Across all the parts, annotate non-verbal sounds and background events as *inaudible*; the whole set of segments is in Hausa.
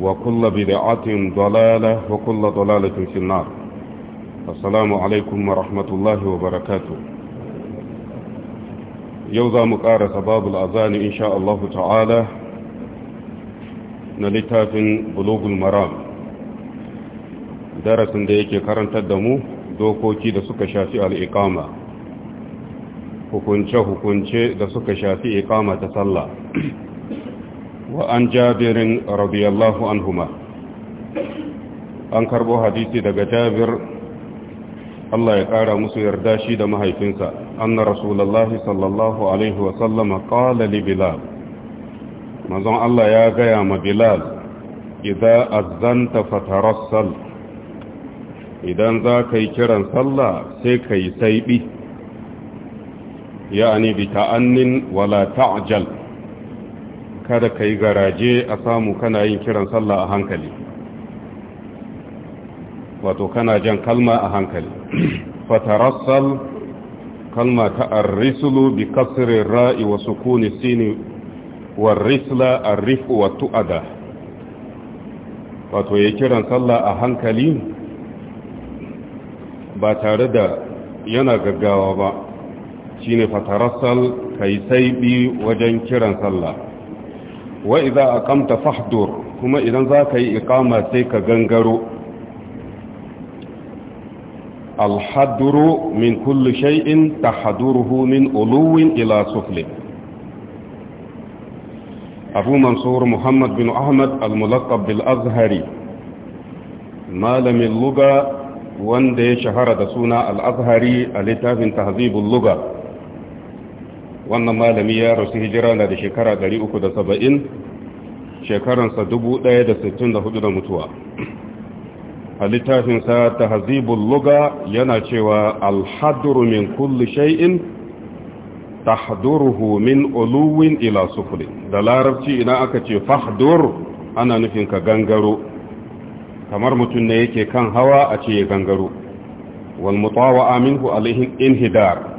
وكل بدعة ضلالة وكل ضلالة في النار السلام عليكم ورحمة الله وبركاته يوضا مقارة باب الأذان إن شاء الله تعالى نلتاف بلوغ المرام درس ديك كرن تدمو دوكوكي دا سكا شافي الإقامة hukunce-hukunce da suka shafi ikama ta sallah وعن جابر رضي الله عنهما an karɓo hadisi daga jabir Allah ya ƙara musu yarda shi da mahaifinsa anna rasulullahi sallallahu alaihi wa sallam qala li bilal manzon Allah ya gaya ma bilal idza azanta fatarassal idan za kai kiran sallah sai kai saibi ya'ani bi ta'annin wa la ta'jal kada ka yi garaje a samu kana yin kiran sallah a hankali wato kana jan kalma a hankali *clears throat* fatarassal kalma ta arrisulu bi kasirin ra'i wa sukuni sini wa risla arrifu wa tu'ada wato ya kiran sallah a hankali ba tare da yana gaggawa ba shine fatarassal kai sai bi wajen kiran sallah wa a aqamta fahdur kuma idan zaka yi iqama sai ka gangaro alhadru min kulli shay'in tahduruhu min uluwin ila suflin abu mansur muhammad bin ahmad al-mulaqab bil azhari malamin luga wanda ya shahara da suna al-azhari a littafin tahzibul luga wannan malami ya rasu hijira na da shekara 370 shekaransa 1064 da mutuwa a littafinsa ta hazibun luga yana cewa alhaduru min kulli shay'in tahduruhu min uluwin ila sufuri da larabci ina aka ce fahdur ana nufin ka gangaro kamar mutum ne yake kan hawa a ce ya gangaro wal mutawa minhu alaihin inhidar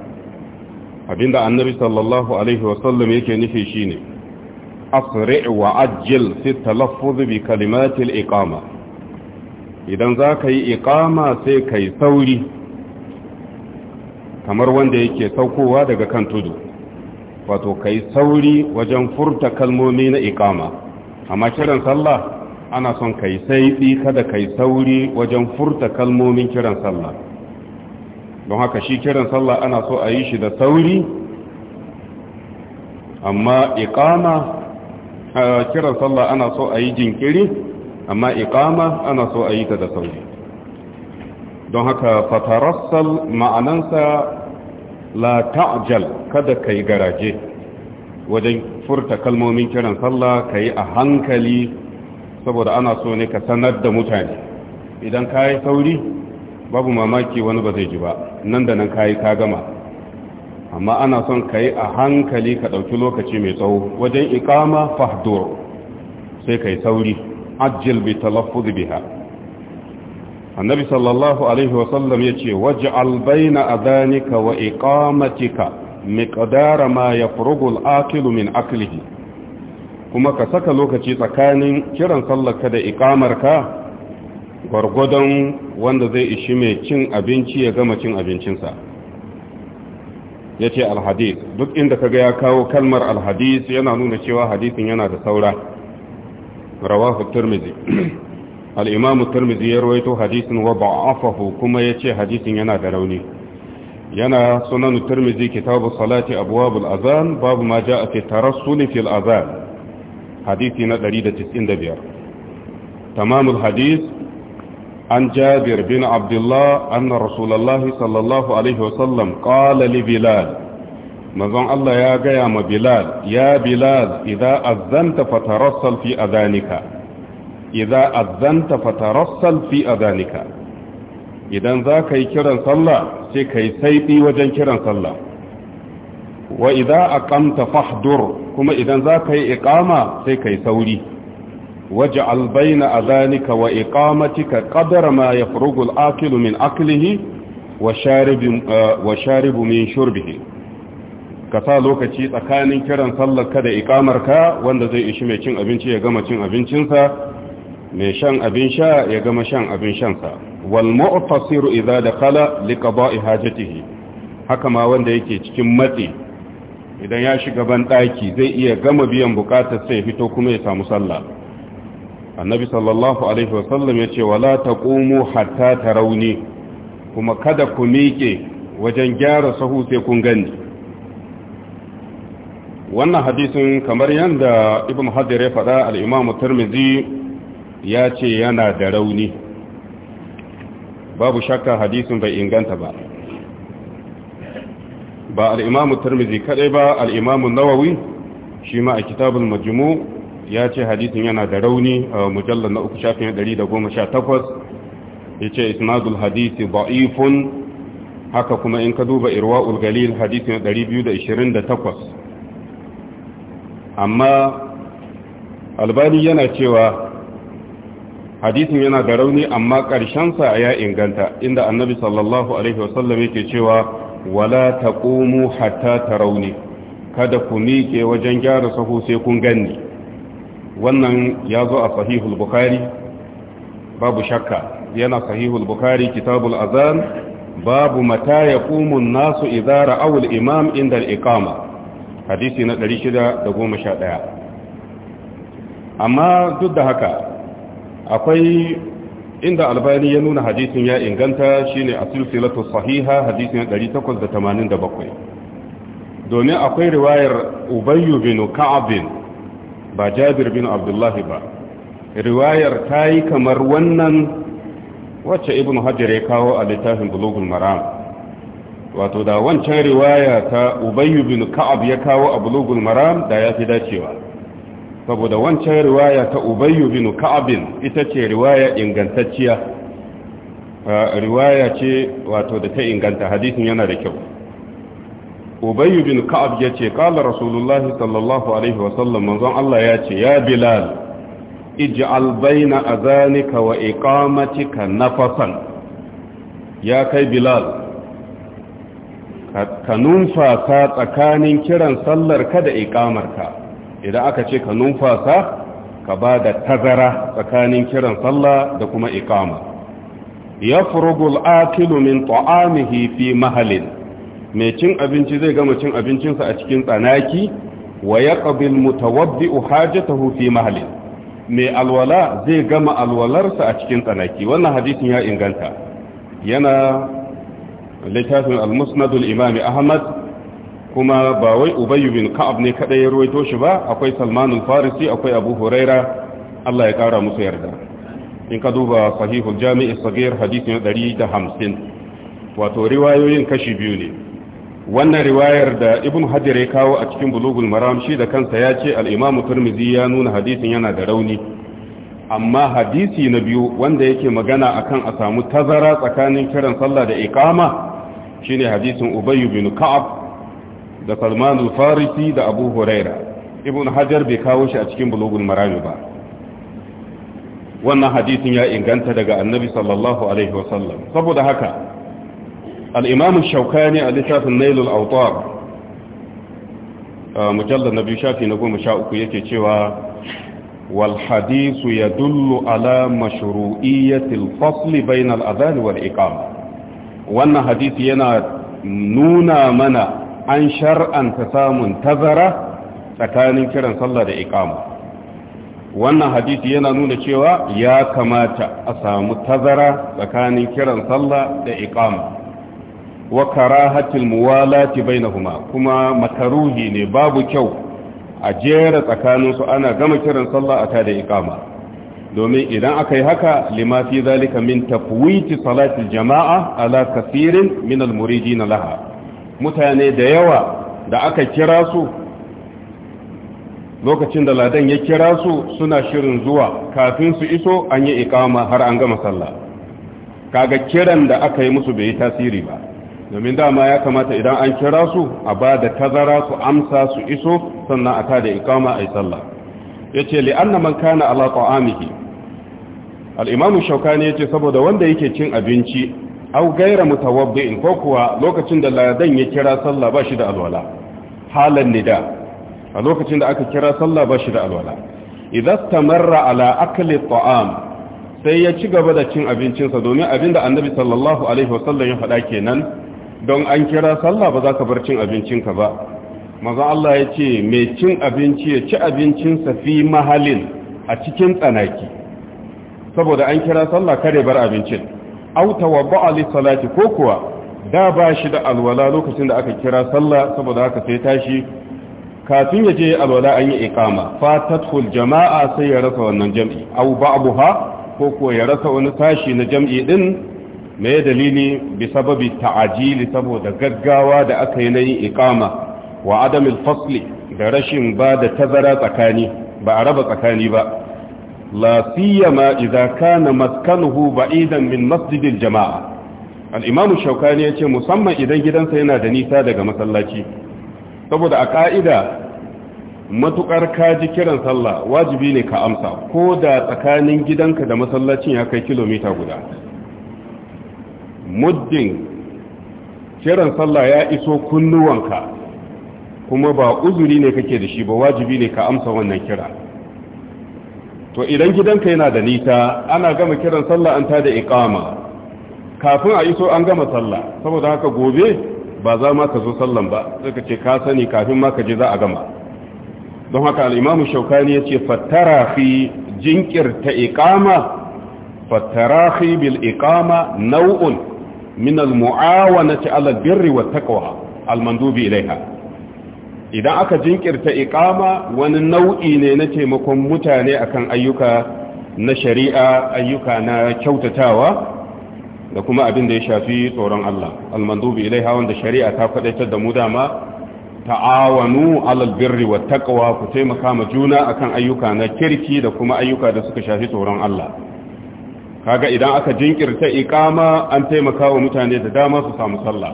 abinda annabi sallallahu alaihi wasallam yake nufi shine asri wa ajil fi talaffuz bi kalimatil iqama idan zaka yi iqama sai kai sauri kamar wanda yake saukowa daga kan tudu wato kai sauri wajen furta kalmomi na iqama amma kiran sallah ana son kai sai kada kai sauri wajen furta kalmomin kiran sallah don haka shi kiran sallah ana so a yi shi da sauri amma iqama kiran sallah ana so a yi jinkiri amma iƙama ana so a yi ta da sauri don haka fatarassal ma'anansa la ta'jal kada kai garaje wajen furta kalmomin kiran sallah yi a hankali saboda ana so ne ka sanar da mutane idan ka yi sauri babu mamaki wani ba zai ji ba nan da nan kayi ka gama amma ana son ka yi a hankali ka ɗauki lokaci mai tsawo wajen ikama fahdur sai ka yi sauri ajil bi talaffuz biha annabi sallallahu alaihi wasallam ya ce albaina a adhanika wa iqamatika miqdara ma yafrugu al akilu min aqlihi kuma ka saka lokaci tsakanin kiran sallarka da iqamarka gwargwadon wanda zai ishi mai cin abinci ya gama cin abincinsa ya ce alhadis duk inda kaga ya kawo kalmar alhadis yana nuna cewa hadisin yana da saura Tirmizi. turmizi *clears throat* al'imamu turmizi ya rawaito hadisin wa ba'afahu kuma ya ce hadisin yana da rauni yana sunan turmizi kitabu salati abuwabul azan babu ma ja a tarassuli fil azan hadisi na 195 tamamul hadis عن جابر بن عبد الله أن رسول الله صلى الله عليه وسلم قال لبلال مزون الله يا قيام بلال يا بلال إذا أذنت فترسل في أذانك إذا أذنت فترسل في أذانك إذا ذاك يكرن صلى سيكي سيدي وجن كرن صلى وإذا أقمت فاحضر كما إذا ذاك إقامة سيكي سولي waj'al bayna adhanika wa iqamatika qadra ma yafrugu al-akilu min aklihi wa sharibu uh, wa sharibu min shurbihi ka sa lokaci tsakanin kiran sallar ka da ka wanda zai ishi mai cin abinci ya gama cin abincinsa mai shan abin sha ya gama shan abin shansa wal mu'tasiru idza dakhala liqada'i hajatihi haka ma wanda yake cikin matsi idan ya shiga ban daki zai iya gama biyan bukatar sai fito kuma ya samu sallah annabi sallallahu alaihi wasallam ya ce wala taqumu hatta tarawni kuma kada ku miƙe wajen gyara sahu sai kun gani wannan hadisin kamar yadda ibn hajar ya faɗa al-imam ya ce yana da rauni babu shakka hadisin bai inganta ba ba al-imam kadai ba al nawawi shi ma a kitabul majmu' ya ce hadisin yana da rauni a mujallar na uku shafin 118 ya ce isnadul hadisi ba'ifun haka kuma in ka duba irwa'ul galil hadisin 228 amma albani yana cewa hadisin yana da rauni amma ƙarshensa ya inganta inda annabi sallallahu alaihi wasallam yake cewa wala taqumu hatta ta rauni kada ku miƙe wajen gyara sahu sai kun ganni wannan ya zo a sahihul bukari babu shakka yana sahihul bukari kitabul azan babu mata ya kumun nasu idara awul imam inda al'ikama hadisi na 611 amma duk da haka akwai inda albani ya nuna hadisin ya inganta shine a silsilatu sahiha hadisi hadisin 887 domin akwai riwayar ubayyu bin ka'abin ba jabir bin abdullahi ba riwayar ta yi kamar wannan wacce ibn hajjar ya kawo a littafin bulugul maram wato da wancan riwaya ta ubayyu bin ka'ab ya kawo a bulugul maram da ya fi dacewa saboda wancan riwaya ta ubayyu bin ka'abin ita ce riwaya ingantacciya riwaya ce wato da ta inganta hadisin yana da kyau ubayyu bin ka'ab ya ce kala rasulullahi sallallahu alaihi wasallam manzon Allah ya ce ya bilal ij'al baina azanika wa iqamatika nafasan ya kai bilal ka numfasa tsakanin kiran sallar ka da iqamarka idan aka ce ka numfasa ka ba da tazara tsakanin kiran sallah da kuma iqama ya furugul akilu min ta'amihi fi mahalin mai cin abinci zai gama cin abincinsa a cikin tsanaki wa yaqbil mutawabbi'u hajatahu fi mahli mai alwala zai gama alwalarsa a cikin tsanaki wannan hadisin ya inganta yana littafin al imami ahmad kuma ba wai Ubayu bin ka'ab ne kada ya ruwaito shi ba akwai salmanul farisi akwai abu huraira Allah ya kara musu yarda in ka duba sahihul jami' as ɗari hadisin 150 wato riwayoyin kashi biyu ne wannan riwayar da ibn hajar ya kawo a cikin bulugul maram shi da kansa ya ce al'imamu turmizi ya nuna hadisin yana da rauni amma hadisi na biyu wanda yake magana akan a samu tazara tsakanin kiran sallah da ikama shine hadisin ubayyu bin ka'ab da salman al-farisi da abu huraira ibn hajar bai kawo shi a cikin bulugul maram ba wannan hadisin ya inganta daga annabi sallallahu alaihi wasallam saboda haka al’imamun shaukani a littafin nailul autar mujallar na biyu shafi na goma sha uku yake cewa walhadisu ya dullu ala mashuru'iyyatil fasli bainal azali wal iqam wannan hadisi yana nuna mana an shar'anta samun tazara tsakanin kiran sallah da iqam wannan hadisi yana nuna cewa ya kamata a samu tazara tsakanin kiran sallah da iqam wa karahatil muwalati bainahuma kuma makaruhi ne babu kyau a jera tsakanin su ana gama kiran sallah a tada iqama domin idan aka haka lima fi zalika min tafwiti salatil jama'a ala kafirin min muridin laha mutane da yawa da aka kira su lokacin da ladan ya kira su suna shirin zuwa kafin su iso an yi iqama har an gama sallah kaga kiran da aka yi musu bai tasiri ba domin dama ya kamata idan an kira su a ba da tazara su amsa su iso sannan a tada ikama a yi sallah ya ce li'anna man kana ala ta'amihi al'imamu shaukani ya ce saboda wanda yake cin abinci au gaira mutawabbi'in ko kuwa lokacin da ladan ya kira sallah ba shi da alwala halan nida a lokacin da aka kira sallah ba shi da alwala idan ta marra ala akali ta'am sai ya ci gaba da cin abincinsa domin abinda annabi sallallahu alaihi wasallam ya faɗa kenan don an kira sallah ba za ka bar cin abincin ka ba maza Allah ya ce mai cin abinci ya ci abincinsa fi mahalin a cikin tsanaki saboda an kira sallah kare bar abincin auta wa ba'ali salati ko kuwa da ba shi da alwala lokacin da aka kira sallah saboda haka sai tashi kafin ya je alwala an yi iqama tadkhul jama'a sai ya rasa wannan jam'i aw ba'daha ko kuwa ya rasa wani tashi na jam'i din me dalili bisababi sababi ta'ajili saboda gaggawa da aka yi na yin iqama wa adamil fasli da rashin ba da tazara tsakani ba a raba tsakani ba la siyama idza kana maskanuhu ba'idan min masjidil jama'a al-imam shaukani yace musamman idan gidansa yana da nisa daga masallaci saboda a ka'ida matukar ka ji kiran sallah wajibi ne ka amsa ko da tsakanin gidanka da masallacin ya kai kilomita guda muddin kiran sallah ya iso kunnuwanka kuma ba uzuri ne kake da shi ba wajibi ne ka amsa wannan kira to idan gidanka yana da nisa ana gama kiran sallah an ta da iqama kafin a iso an gama sallah saboda haka gobe ba za ma ka zo sallan ba sai ka ce ka sani kafin ma ka je za a gama don haka al-imamu shaukani ce fattara fi jinkirta iqama fi bil iqama nau'un. Mina al-mu'awanati ala birri wa taqwa al-mandubi ilaiha idan aka jinkirta iqama wani nau'i ne na taimakon mutane akan ayyuka na shari'a ayyuka na kyautatawa da kuma abin da ya shafi tsoron Allah al-mandubi ilaiha wanda shari'a ta kwadaitar da mu dama ta'awanu alal wa taqwa ku taimaka ma juna akan ayyuka na kirki da kuma ayyuka da suka shafi tsoron Allah kaga idan aka jinkirta ikama an taimaka wa mutane da dama su samu sallah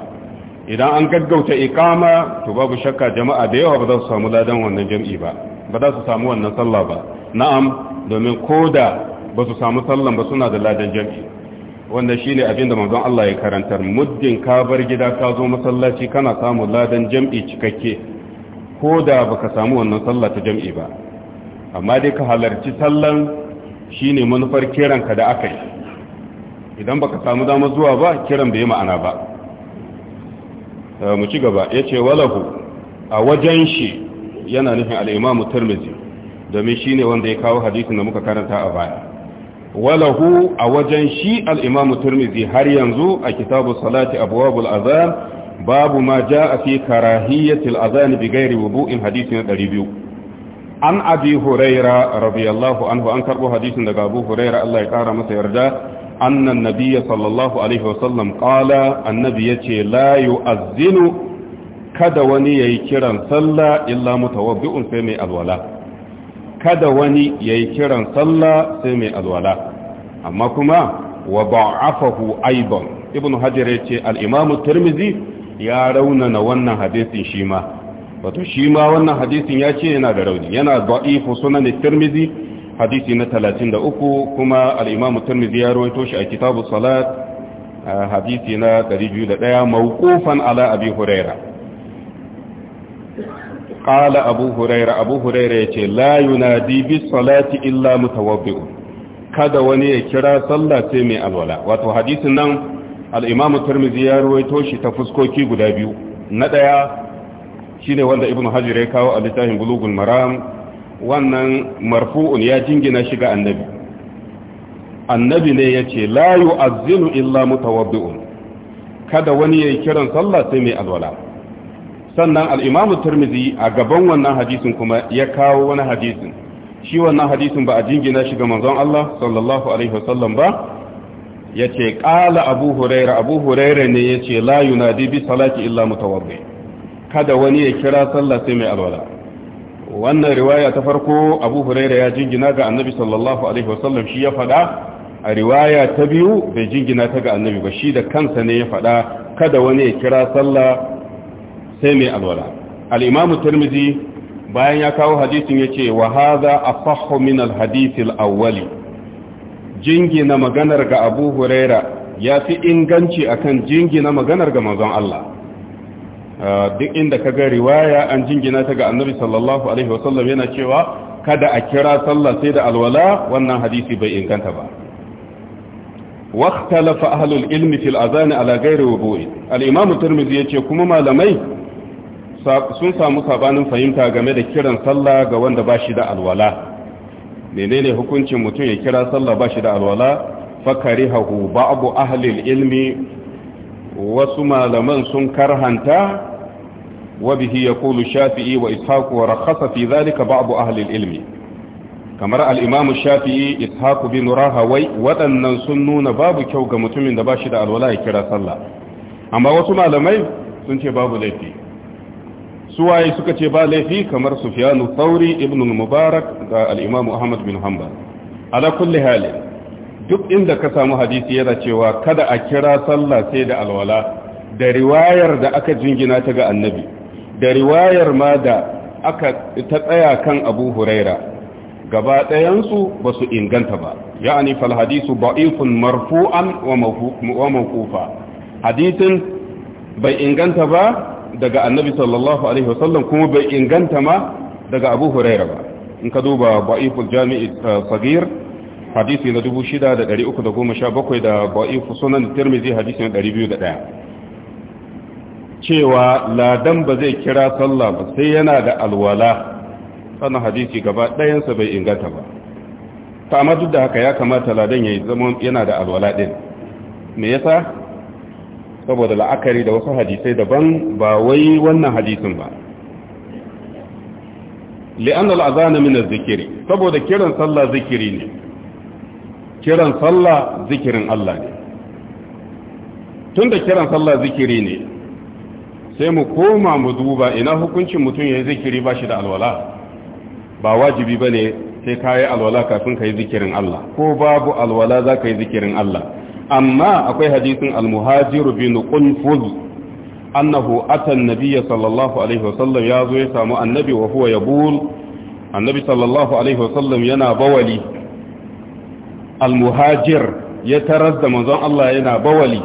idan an gaggauta ikama to babu shakka jama'a da yawa ba za su samu ladan wannan jami'i ba ba za su samu wannan sallah ba na'am domin koda ba su samu sallan ba suna da ladan jami'i wanda shine abin da manzon Allah ya karantar muddin ka bar gida ka zo masallaci kana samu ladan jam'i cikakke koda baka samu wannan sallah ta jam'i ba amma dai ka halarci sallan shine manufar kiranka da aka yi idan baka samu dama zuwa ba kiran bai ma'ana ba eh, mu ci gaba ce walahu a wajen shi yana nufin al-Imam Tirmidhi domin shine wanda ya kawo hadisin da muka karanta a baya walahu a wajen shi al-Imam Tirmidhi har yanzu a kitabu salati abwabul azan babu ma a fi karahiyatil azan bighairi wudu'in hadisin 200 an abi huraira radiyallahu anhu an karbo hadisin da abu huraira Allah ya kara masa yarda annan nabiyya sallallahu alaihi wasallam qala annabi yace la azzinu kada wani yayi kiran sallah illa mutawabbi'un sai mai alwala kada wani yayi kiran sallah sai mai alwala amma kuma wa ba'afahu aidan hajar yace al-imam at-tirmidhi ya raunana wannan hadisin shi ma wato shi ma wannan hadisin ya ce yana da rauni yana da'ifu sunan tirmizi hadisi na 33 kuma al tirmizi ya rawaito shi a kitabu salat hadisi na 201 mawqufan ala abi huraira qala abu huraira abu huraira yace la yunadi bis salati illa mutawabbi'un kada wani ya kira sallah sai mai alwala wato hadisin nan al tirmizi ya rawaito shi ta fuskoki guda biyu na daya Shi ne wanda ibnu hajar ya kawo a littafin bulugul maram wannan marfu'un ya jingina shiga annabi annabi ne ya ce, layu yu'azzinu illa mutawaddi'un kada wani ya yi kiran sallah sai mai alwala sannan al-imamu a gaban wannan hadisin kuma ya kawo wani hadisin shi wannan hadisin ba a jingina shiga ga manzon Allah sallallahu alaihi wasallam ba Ya ce ƙala abu huraira abu huraira ne ya ce, layu na dibi salaki, illa mutawaddi kada wani ya kira sallah sai mai alwala wannan riwaya ta farko abu huraira ya jingina ga annabi sallallahu alaihi wasallam shi ya faɗa a riwaya ta biyu bai jingina ta ga annabi ba shi da kansa ne ya faɗa kada wani ya kira sallah sai mai alwala al-imamu tirmidhi bayan ya kawo hadisin yace wa hadha asahhu min al-hadith al-awwal jingina maganar ga abu huraira ya fi inganci akan jingina maganar ga manzon Allah duk inda ka ga riwaya an jingina ta ga annabi sallallahu alaihi wasallam yana cewa kada a kira sallah sai da alwala wannan hadisi bai inganta ba واختلف أهل العلم في الأذان على غير وضوء الإمام الترمذي yace kuma malamai sun samu sabanin fahimta game da kiran sallah ga wanda bashi da alwala menene hukuncin mutum ya kira sallah bashi da alwala fakarihahu ba'du ahli ilmi wasu malaman sun karhanta وبه يقول الشافعي وإسحاق ورخص في ذلك بعض أهل العلم kamar al’imamu shafi’i ishaku bin rahawai waɗannan sun nuna babu kyau ga mutumin da ba shi da alwala ya kira sallah amma wasu malamai sun ce babu laifi suwaye suka ce ba laifi kamar sufiyanu sauri ibn mubarak ga al’imamu ahmad bin hanbal ala kulle hali duk inda ka samu hadisi yana cewa kada a kira sallah sai da alwala da riwayar da aka jingina ta ga annabi da riwayar ma da aka ta tsaya kan abu huraira gaba ɗayansu ba su inganta ba ya'ani fal hadisu ba'ifun marfu'an wa mawqufa hadisin bai inganta ba daga annabi sallallahu alaihi wasallam kuma bai inganta ma daga abu huraira ba in ka duba ba'iful jami'i eh, sagir hadisi na 6317 da ba'iful sunan tirmidhi hadisi na 201 cewa ladan ba zai kira sallah ba sai yana da alwala sana hadisi gaba ɗayansa bai inganta ba ta amma duk da haka ya kamata ladan ya yi zama yana da alwala ɗin me yasa saboda la'akari da wasu hadisai daban ba wai wannan hadisin ba li'an al'azana min zikiri saboda kiran sallah zikiri ne kiran sallah zikirin Allah ne tun da kiran sallah zikiri ne sai mu koma mu duba ina hukuncin mutum ya yi zikiri ba shi da alwala ba wajibi ba ne sai ka yi alwala kafin ka yi zikirin Allah ko babu alwala za ka yi zikirin Allah amma akwai hadisin almuhajiru bin qunfuz annahu ata annabiyya sallallahu alaihi wasallam ya zo ya samu annabi wa huwa yabul annabi sallallahu alaihi wasallam yana bawali almuhajir ya tarar da manzon Allah yana bawali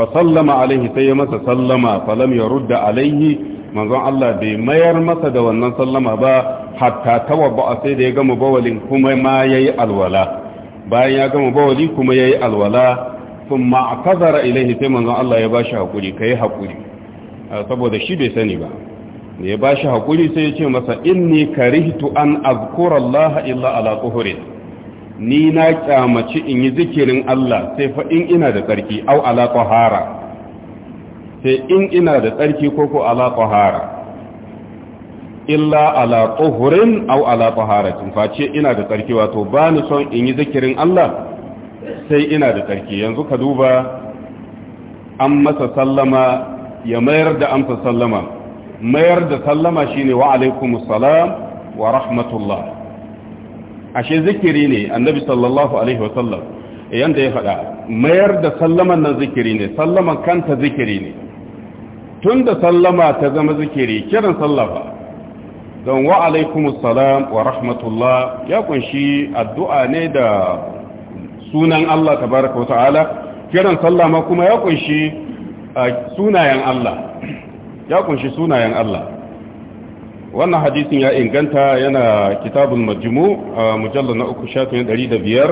fa sallama alaihi sai ya masa sallama falam ya rudda alaihi manzon Allah bai mayar masa da wannan sallama ba hatta tawabba sai da ya gama bawalin kuma ma yayi alwala bayan ya gama bawali kuma yayi alwala thumma a'tazara ilaihi sai manzon Allah ya bashi hakuri kai hakuri saboda shi bai sani ba da ya bashi hakuri sai ya ce masa inni karihtu an azkura Allah illa ala tuhrin ni na kyamaci in yi zikirin Allah sai fa in ina da tsarki au ala tahara sai in ina da tsarki ko ko ala tahara illa ala tuhurin au ala taharatin face ina da tsarki wato ba ni son in yi zikirin Allah sai ina da tsarki yanzu ka duba an masa sallama ya mayar da amsa sallama mayar da sallama shine wa alaikumus salam wa rahmatullah ashe zikiri ne annabi sallallahu alaihi wasallam yanda ya faɗa mayar da sallaman nan zikiri ne sallaman kanta zikiri ne tun da sallama ta zama zikiri kiran sallafa don wa alaikumus salam wa rahmatullah ya kunshi addu'a ne da sunan Allah tabaraka wa ta'ala kiran sallama kuma ya kunshi sunayen Allah ya kunshi sunayen Allah wannan hadisin ya inganta yana kitabun kitabul a mujalla na uku shafin ɗari da biyar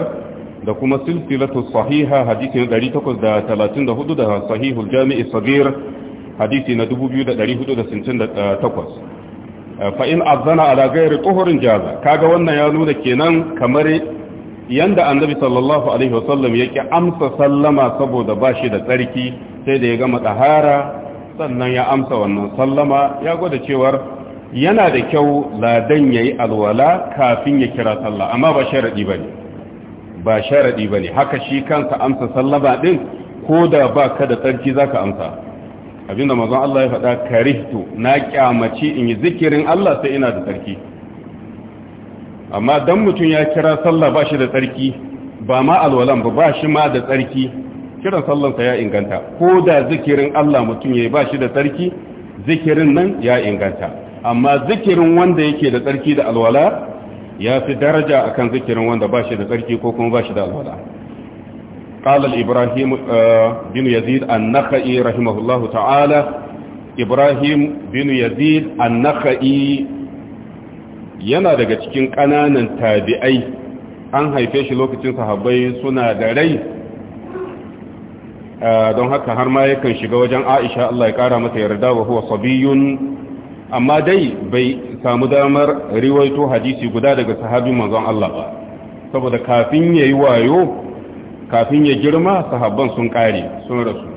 da kuma silsilatu sahiha hadisin ɗari takwas da talatin da hudu da sahihul jami'i sabir hadisi na dubu biyu da ɗari hudu da sintin da eh, takwas eh, fa'in azana ala gairi tsohorin jaza kaga wannan ya nuna kenan kamar yanda annabi sallallahu alaihi wasallam yake amsa sallama saboda ba shi da tsarki sai da ya gama tsahara sannan ya amsa wannan sallama ya gwada cewar yana da kyau ladan ya yi alwala kafin ya kira sallah amma ba sharaɗi ba ne ba sharaɗi ba ne haka shi kansa amsa sallama ɗin ko da ba ka da tsarki za ka amsa abinda mazan Allah ya faɗa karihtu na kyamaci in yi zikirin Allah sai ina da tsarki amma don mutum ya kira sallah ba shi da tsarki ba ma alwalan ba ba shi ma da tsarki kiran sallansa ya inganta ko da zikirin Allah mutum ya yi ba shi da tsarki zikirin nan ya inganta amma zikirin wanda yake da tsarki da alwala ya fi daraja akan zikirin wanda ba shi da tsarki ko kuma ba shi da alwala قال الإبراهيم بن يزيد النخعي رحمه الله تعالى إبراهيم بن يزيد النخعي yana daga cikin ƙananan tabi'ai an haife shi lokacin sahabbai suna da rai uh, don haka har ma yakan shiga wajen aisha Allah ya ƙara mata yarda wa huwa sabiyun amma dai bai samu damar riwaito hadisi guda daga sahabin manzon Allah ba saboda kafin yayi wayo kafin ya girma sahabban sun kare sun rasu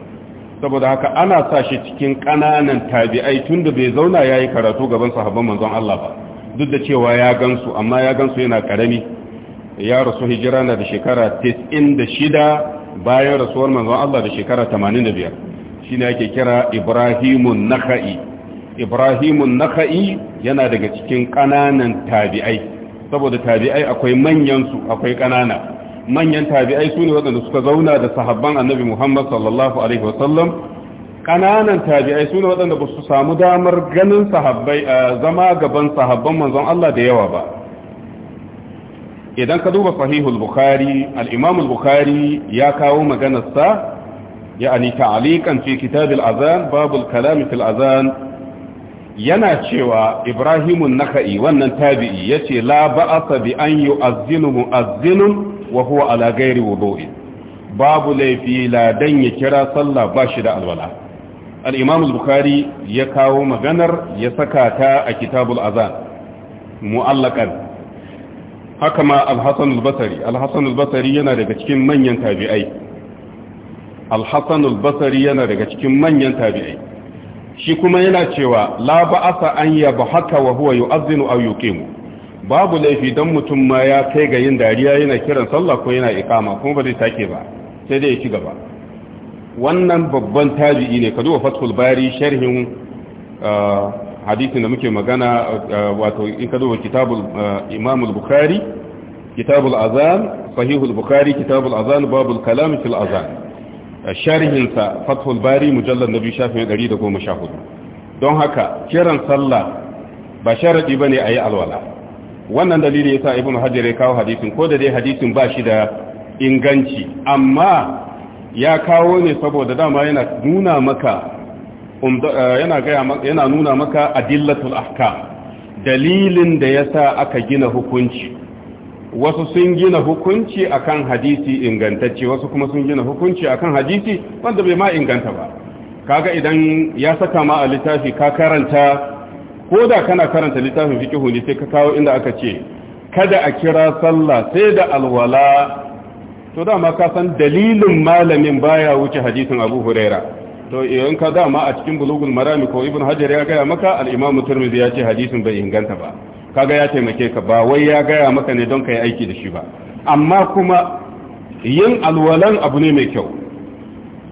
saboda haka ana sa shi cikin ƙananan tabi'ai tunda bai zauna yayi karatu gaban sahabban manzon Allah ba duk da cewa ya gansu amma ya gansu yana karami ya rasu hijira na da shekara 96 bayan rasuwar manzon Allah da shekara 85 shine yake kira Ibrahimun Nakhai ibrahimun naka'i yana daga cikin ƙananan tabi'ai saboda tabi'ai akwai manyansu akwai ƙanana manyan tabi'ai su ne waɗanda suka zauna da sahabban annabi muhammad sallallahu alaihi wasallam ƙananan tabi'ai su ne waɗanda ba su samu damar ganin sahabbai a zama gaban sahabban manzon Allah da yawa ba idan ka duba sahihul bukhari Al'imamul bukhari ya kawo maganarsa ya'ani ta'aliqan fi kitabil azan babul kalam fil azan yana cewa ibrahimun naka'i wannan tabi'i ya ce la ba'asa bi an yi azinu mu'azzinun wa huwa ala gairi wudu'i babu laifi ladan ya kira sallah ba shi da alwala al bukhari ya kawo maganar ya saka ta a kitabul azan mu'allaqan haka ma Alhassan hasan yana daga cikin manyan tabi'ai yana daga cikin manyan tabi'ai shi kuma yana cewa la ba'asa an haka wa huwa yu'azzinu aw yuqimu babu laifi dan mutum ma ya kai ga yin dariya yana kiran sallah ko yana ikama kuma ba zai take ba sai dai ya ci gaba wannan babban tabi'i ne ka duba fathul bari sharhin uh, hadisin da muke magana uh, wato in ka duba kitabul uh, imam al-bukhari kitabul azan sahihul bukhari kitabul azan babul kalam fil azan sharhinsa fathul bari mujallar na biyu shafin 114 don haka kiran sallah ba sharaɗi ba ne a yi alwala wannan dalili ya sa ibn hajjar ya kawo hadisin ko da dai hadisin ba shi da inganci amma ya kawo ne saboda dama yana nuna maka eh, yana nuna maka adillatul ahkam dalilin da ya sa aka gina hukunci wasu sun gina hukunci akan hadisi ingantacce wasu kuma sun gina hukunci akan hadisi wanda bai ma inganta ba kaga idan ya saka ma a littafi ka karanta ko da kana karanta littafin fiqh ne sai ka kawo inda aka ce kada a kira sallah sai da alwala to dama ka san dalilin malamin baya wuce hadisin Abu Huraira to idan ka dama a cikin bulugul marami ko ibn hajar ya gaya maka al-imam Tirmidhi ya ce hadisin bai inganta ba kaga ya taimake ka ba wai ya gaya maka ne don ka yi aiki da shi ba amma kuma yin alwalan abu ne mai kyau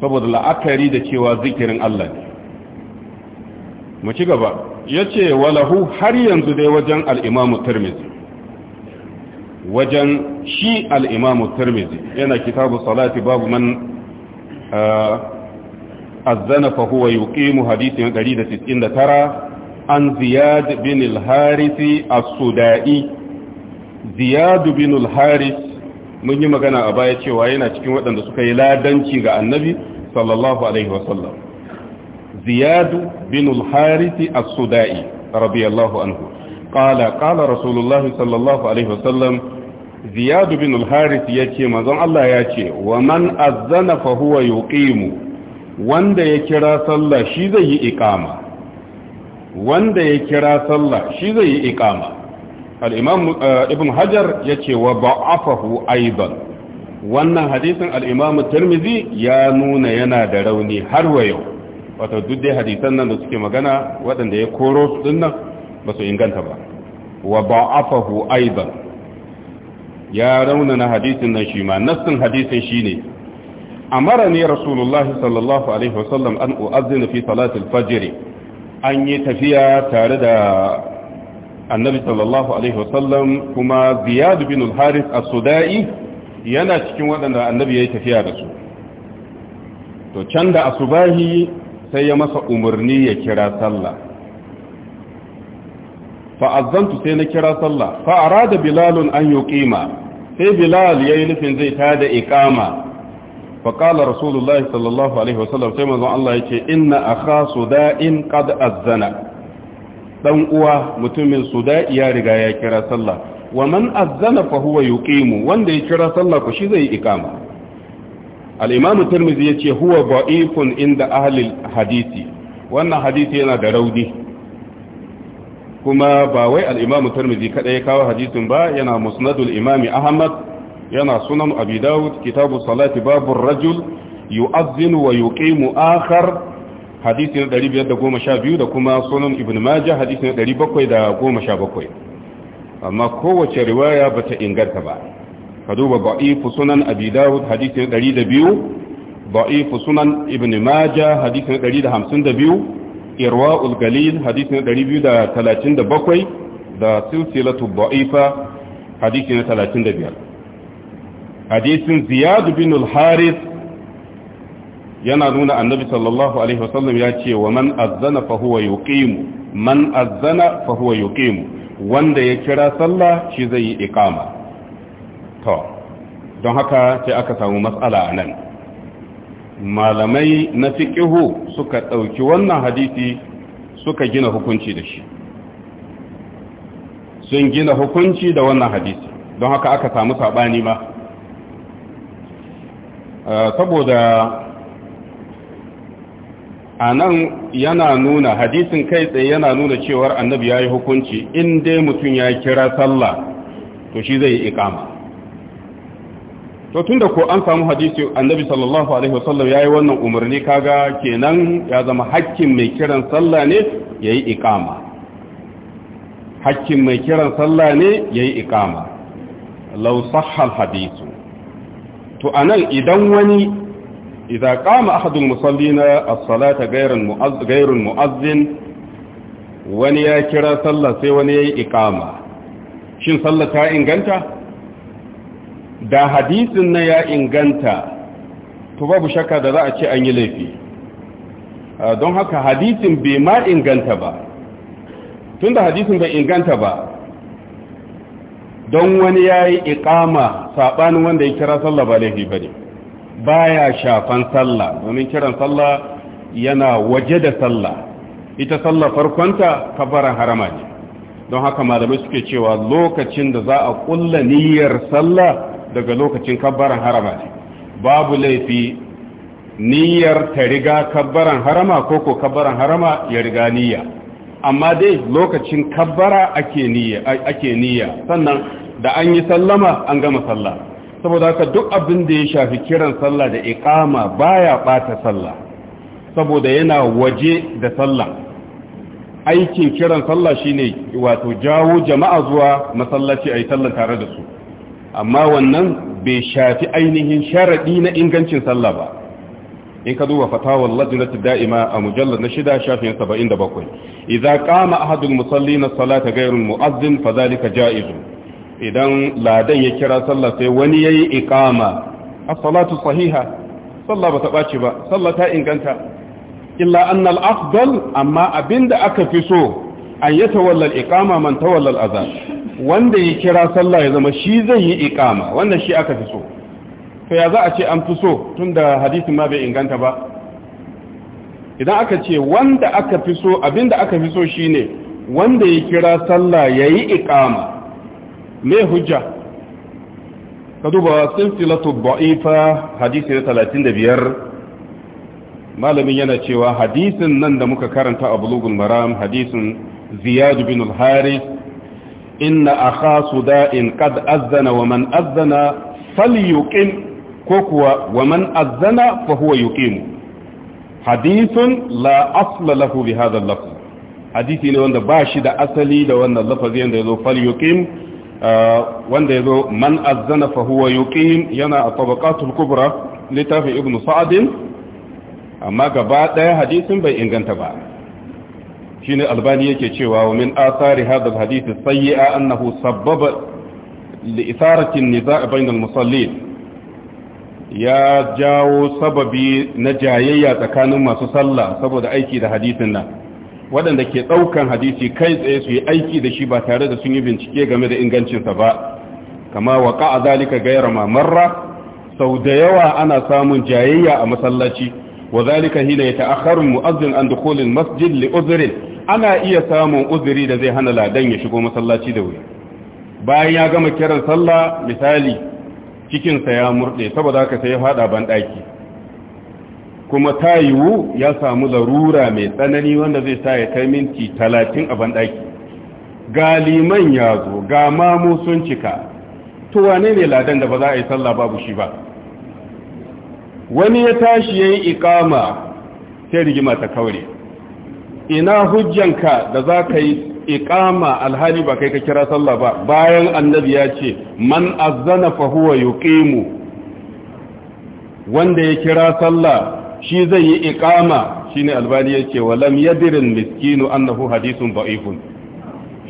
saboda la'akari da cewa zikirin Allah ne mu ci gaba yace walahu har yanzu dai wajen al-Imam wajen shi al-Imam Tirmidhi yana kitabu salati babu man azana ah, fa huwa yuqimu hadithin 199 an ziyad bin al-harisi as ziyad bin haris mun yi magana a baya cewa yana cikin waɗanda suka yi ladanci ga annabi sallallahu alaihi wasallam ziyad bin al-harisi as-sudai radiyallahu anhu qala qala rasulullah sallallahu alaihi wasallam ziyad bin al-haris yace manzon Allah yace wa man azzana fa huwa yuqimu wanda ya kira sallah shi zai yi iqama wanda ya kira sallah shi zai yi ikama al eh, ibn hajar yace wa ba'afahu aidan wannan hadisin al-imam ya nuna yana da rauni har wa yau wato duk dai hadisan nan da suke magana waɗanda ya koro su dinnan ba su inganta ba wa ba'afahu aidan ya raunana hadisin nan shi ma nassin hadisin shine amara ne rasulullahi sallallahu alaihi wasallam an u'azzina fi salatul fajr an yi tafiya tare da annabi sallallahu alaihi wasallam kuma ziyadu bin al-haris as-sudai yana cikin waɗanda annabi ya yi tafiya da su to can da asubahi sai ya masa umarni ya kira sallah fa'azzantu sai na kira sallah fa'ara da bilalun an yi sai bilal ya yi nufin zai tada iƙama. faƙala rasulullahi sallallahu alaihi wasallam sai manzon Allah ya ce inna akha suda'in qad azzana dan uwa mutumin suda'i ya riga ya kira sallah wa man azzana fa huwa yuqimu wanda ya kira sallah ku shi zai iqama al-imam at ya yace huwa da'ifun inda ahli hadisi wannan hadisi yana da rauni kuma ba wai al-imam at-tirmidhi kada ya kawo hadisin ba yana musnadul imami ahmad yana sunan abi dawud kitabu salati babu rajul yu'azzin wa yuqimu akhar hadisi na 512 da kuma sunan ibn majah hadisi na 717 amma kowace riwaya bata inganta ba ka duba da'ifu sunan abi dawud hadisi na 102 da'ifu sunan ibn majah hadisi na 152 irwaul galil hadisi na 237 da silsilatu da'ifa hadisi na 35 hadisin ziyad bin al-haris yana nuna annabi sallallahu alaihi wasallam ya ce wa man azzana fa huwa yuqimu man azzana fa huwa yuqimu wanda ya kira sallah shi zai yi iqama to don haka sai aka samu mas'ala anan malamai na fiqihu suka dauki wannan hadisi suka gina hukunci da shi sun gina hukunci da wannan hadisi don haka aka samu sabani ma Ah, saboda a nan yana nuna hadisin kai tsaye yana nuna cewar annabi ya yi hukunci inda mutum ya kira sallah to shi zai yi ikama to tunda ko an samu hadisi annabi sallallahu alaihi wasallam ya yi wannan umarni kaga kenan ya zama hakkin mai kiran sallah ne ya yi ikama hakkin mai kiran sallah ne ya yi ikama lau hadisu to anan idan wani idan kama ahadul musallina as-salata gairun mu'azzin wani ya kira sallah sai wani ya yi iqama shin sallah ta inganta da hadisin na ya inganta to babu shakka da za a ce an yi laifi ah, don haka hadisin bai ma inganta ba Tun da hadisin bai inganta ba don wani ya yi ikama saɓanin wanda ya kira sallah ba laifi ba ne ba ya shafan sallah domin kiran sallah yana waje da sallah ita sallah farkonta kabaran harama ne don haka malamai suke cewa lokacin da za a ƙulla niyyar sallah daga lokacin kabaran harama ne babu laifi niyyar ta riga kabaran harama koko ko harama ya riga niyya amma dai lokacin kabbara ake niyya sannan da an yi sallama an gama sallah saboda haka duk abin da ya shafi kiran sallah da iqama baya bata sallah saboda yana waje da sallah aikin kiran sallah shine wato jawo jama'a zuwa masallaci ayi sallah tare da su amma wannan bai shafi ainihin sharadi na ingancin sallah ba in ka duba fatawar lajinatu da'ima a mujallar na shida shafin saba'in da bakwai idan kama ahadul musalli na salata gairun mu'azzin fazalika ja'izu idan ladan ya kira sallah sai wani yayi iqama as-salatu sahiha sallah bata baci ba sallah ta inganta illa anna al amma abin da aka fi so an yatawalla tawallar ikama man tawalla azan wanda ya kira sallah ya zama shi zai yi ikama, wannan shi aka fi so to ya za a ce an fi so tun da hadisin ma bai inganta ba idan aka ce wanda aka fi so abinda aka fi so shine wanda ya kira sallah ya yi ikama mai hujja ka duba silsilatu ba'ifa hadisi na 35 malamin yana cewa hadisin nan da muka karanta a bulugun maram hadisin ziyadu bin al-haris inna akha in qad azzana wa man azzana falyuqim ko kuwa wa man azzana fa huwa yuqimu hadithun la asla lahu bi hadha al-lafz hadisi ne wanda ba shi da asali da wannan lafazi yanda yazo fal yuqim uh, wanda yazo man azzana fa huwa yuqim yana a tabaqatul kubra littafin ibn sa'd amma gaba daya hadisin bai inganta ba shine albani yake cewa wa min athari hadha al-hadith sayyi'a annahu sabbaba li itharati an-niza' bayna al ya jawo sababi na jayayya tsakanin masu sallah saboda aiki da hadisin nan waɗanda ke ɗaukan hadisi kai tsaye su yi aiki da shi ba tare da sun yi bincike game da ingancinsa ba kama waƙa a zalika gaira mamarra sau da yawa ana samun jayayya a masallaci wa zalika hina ya ta'akharun mu'azzin an dukhulil masjid li uzrin ana iya samun uzuri da zai hana ladan ya shigo masallaci da wuri bayan ya gama kiran sallah misali cikinsa ya murɗe saboda haka sai ya fada banɗaki kuma ta yiwu ya samu larura mai tsanani wanda zai sa ya kai minti talatin a banɗaki ga liman ya zo ga mamu sun cika to wane ne ladan da ba za a yi sallah babu shi ba wani ya tashi ya yi ikama sai rigima ta kaure ina hujjanka da za ka yi iqama alhali ba kai ka kira sallah ba bayan annabi ya ce man azzana fa huwa yuqimu wanda ya kira sallah shi zai yi iqama shine albani ce walam yadirin miskinu annahu hadithun da'ifun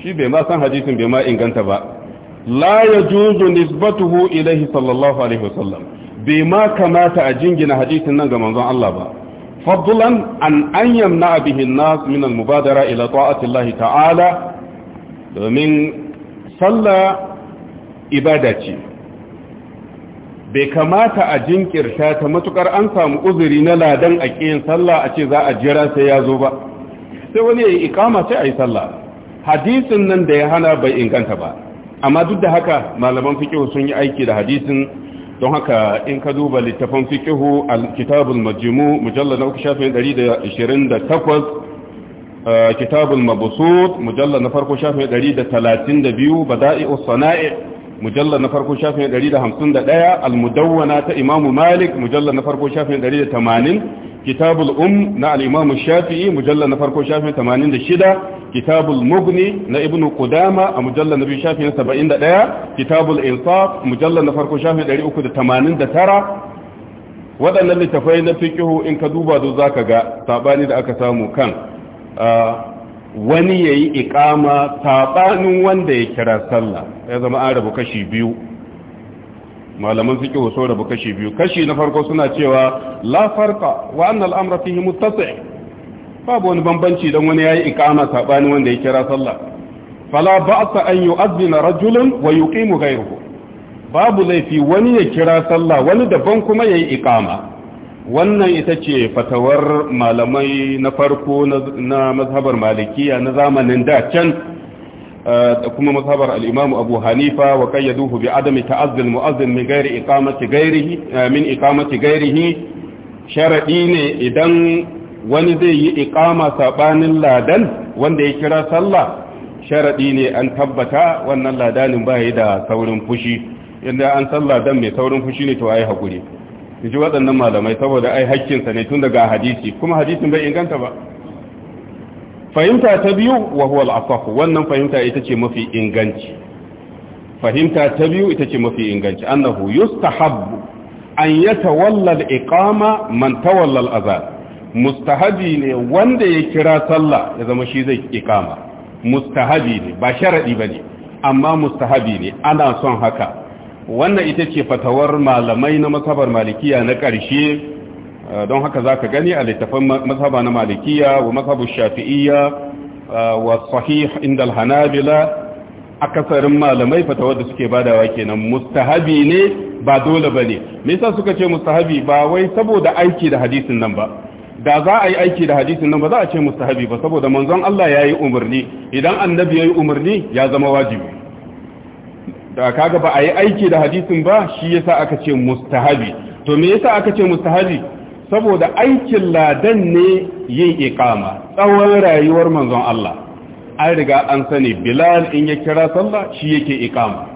shi bai ma san hadisin bai ma inganta ba la yajuzu nisbatuhu ilayhi sallallahu alaihi wasallam bai ma kamata a jingina hadisin nan ga manzon Allah ba فضلا عن أن يمنع به الناس من المبادرة إلى طاعة الله تعالى من صلى إبادتي bai kamata a jinkirta ta matukar an samu uzuri na ladan a ƙiyin sallah a ce za a jira sai ya zo ba sai wani ya yi ikama sai a yi sallah hadisin nan da ya hana bai inganta ba amma duk da haka malaman fikihu sun yi aiki da hadisin don haka in ka duba littafin fikihu kitabul majmu mujallal na uku shafin 128 uh, kitabul mabsut mujallal na farko shafin 132 bada'i'us sana'i' mujallar na farko shafin 151 al-mudawwana ta imam malik mujallar na farko shafin 180 kitabul um na al-imam shafi'i mujallar na farko shafin 86 kitabul mughni na ibnu qudama a mujallar na biyu shafin 71 kitabul insaf mujallar na farko shafin 389 waɗannan littafai na fikihu in ka duba do zaka ga sabani da aka samu kan ah, wani ya yi ikama saɓanin wanda ya kira sallah ya zama an rabu kashi biyu malaman suke waso rabu kashi biyu kashi na farko suna cewa la farqa wa anna al-amra babu wani bambanci dan wani ya yi ikama saɓanin wanda ya kira sallah fala ba'sa an azina rajulun wa yuqimu ghayruhu babu laifi wani ya kira sallah wani daban kuma yayi ikama wannan ita ce fatawar malamai na farko na mazhabar malikiya na zamanin da can eh, da kuma mazhabar al'imamu abu hanifa wa kayyaduhu bi adami ta'azzul mu'azzin min gairi gairihi eh, min ne idan wani zai yi ikama saɓanin ladan wanda ya kira sallah Sharaɗi ne an tabbata wannan ladanin ba da saurin fushi inda an sallah dan mai saurin fushi ne to ayi hakuri ji waɗannan malamai saboda ai hakkinsa ne tun daga hadisi kuma hadisin bai inganta ba fahimta ta biyu wa huwa al wannan fahimta ita ce mafi inganci fahimta ta biyu ita ce mafi inganci annahu yustahabbu an yatawalla al-iqama man tawalla al-azan mustahabi ne wanda ya kira sallah ya zama shi zai iqama mustahabi ne ba sharadi bane amma mustahabi ne ana son haka wannan ita ce fatawar malamai na masabar malikiya na ƙarshe eh, don haka za ka gani a littafin masaba na malikiya wa masabu shafi'iyya eh, wa sahih inda alhanabila akasarin malamai fatawar da suke badawa kenan mustahabi ne ba dole ba ne me yasa suka ce mustahabi ba wai saboda aiki da hadisin nan ba da za a yi aiki da hadisin nan ba za a ce mustahabi ba saboda manzon Allah ya yi umarni idan annabi ya yi umarni ya zama wajibi da kaga ba a yi aiki da hadisin ba shi yasa aka ce mustahabi to me yasa aka ce mustahabi saboda aikin ladan ne yin iqama tsawon rayuwar manzon Allah an riga an sani Bilal in ya kira sallah shi yake iqama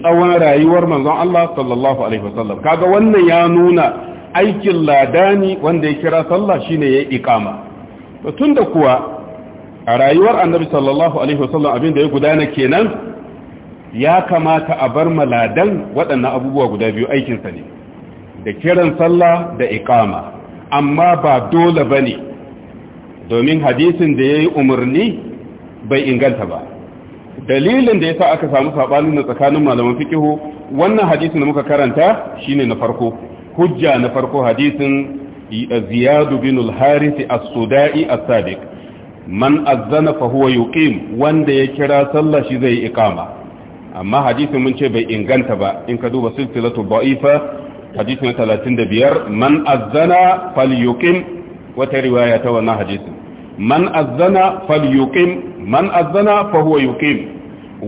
tsawon rayuwar manzon Allah sallallahu alaihi wasallam kaga wannan ya nuna aikin ladani wanda ya kira sallah shine yayi iqama to tunda kuwa a rayuwar annabi sallallahu alaihi wasallam abin da ya gudana kenan ya kamata a bar maladan waɗannan abubuwa guda biyu aikinsa ne da kiran sallah da iqama amma ba dole ba ne domin hadisin da ya yi umarni bai inganta ba dalilin da ya sa aka samu saɓanin na tsakanin malaman fikihu wannan hadisin da muka karanta shine na farko hujja na farko hadisin ziyadu bin al-harith as-sudai as-sadiq man azzana fa huwa yuqim wanda ya kira sallah shi zai iqama amma hadisin mun ce bai inganta ba in ka duba silsilatu ba'ifa hadisin 35 man azzana falyuqim wata riwaya ta wannan hadisin man azzana falyuqim man azzana fa huwa yuqim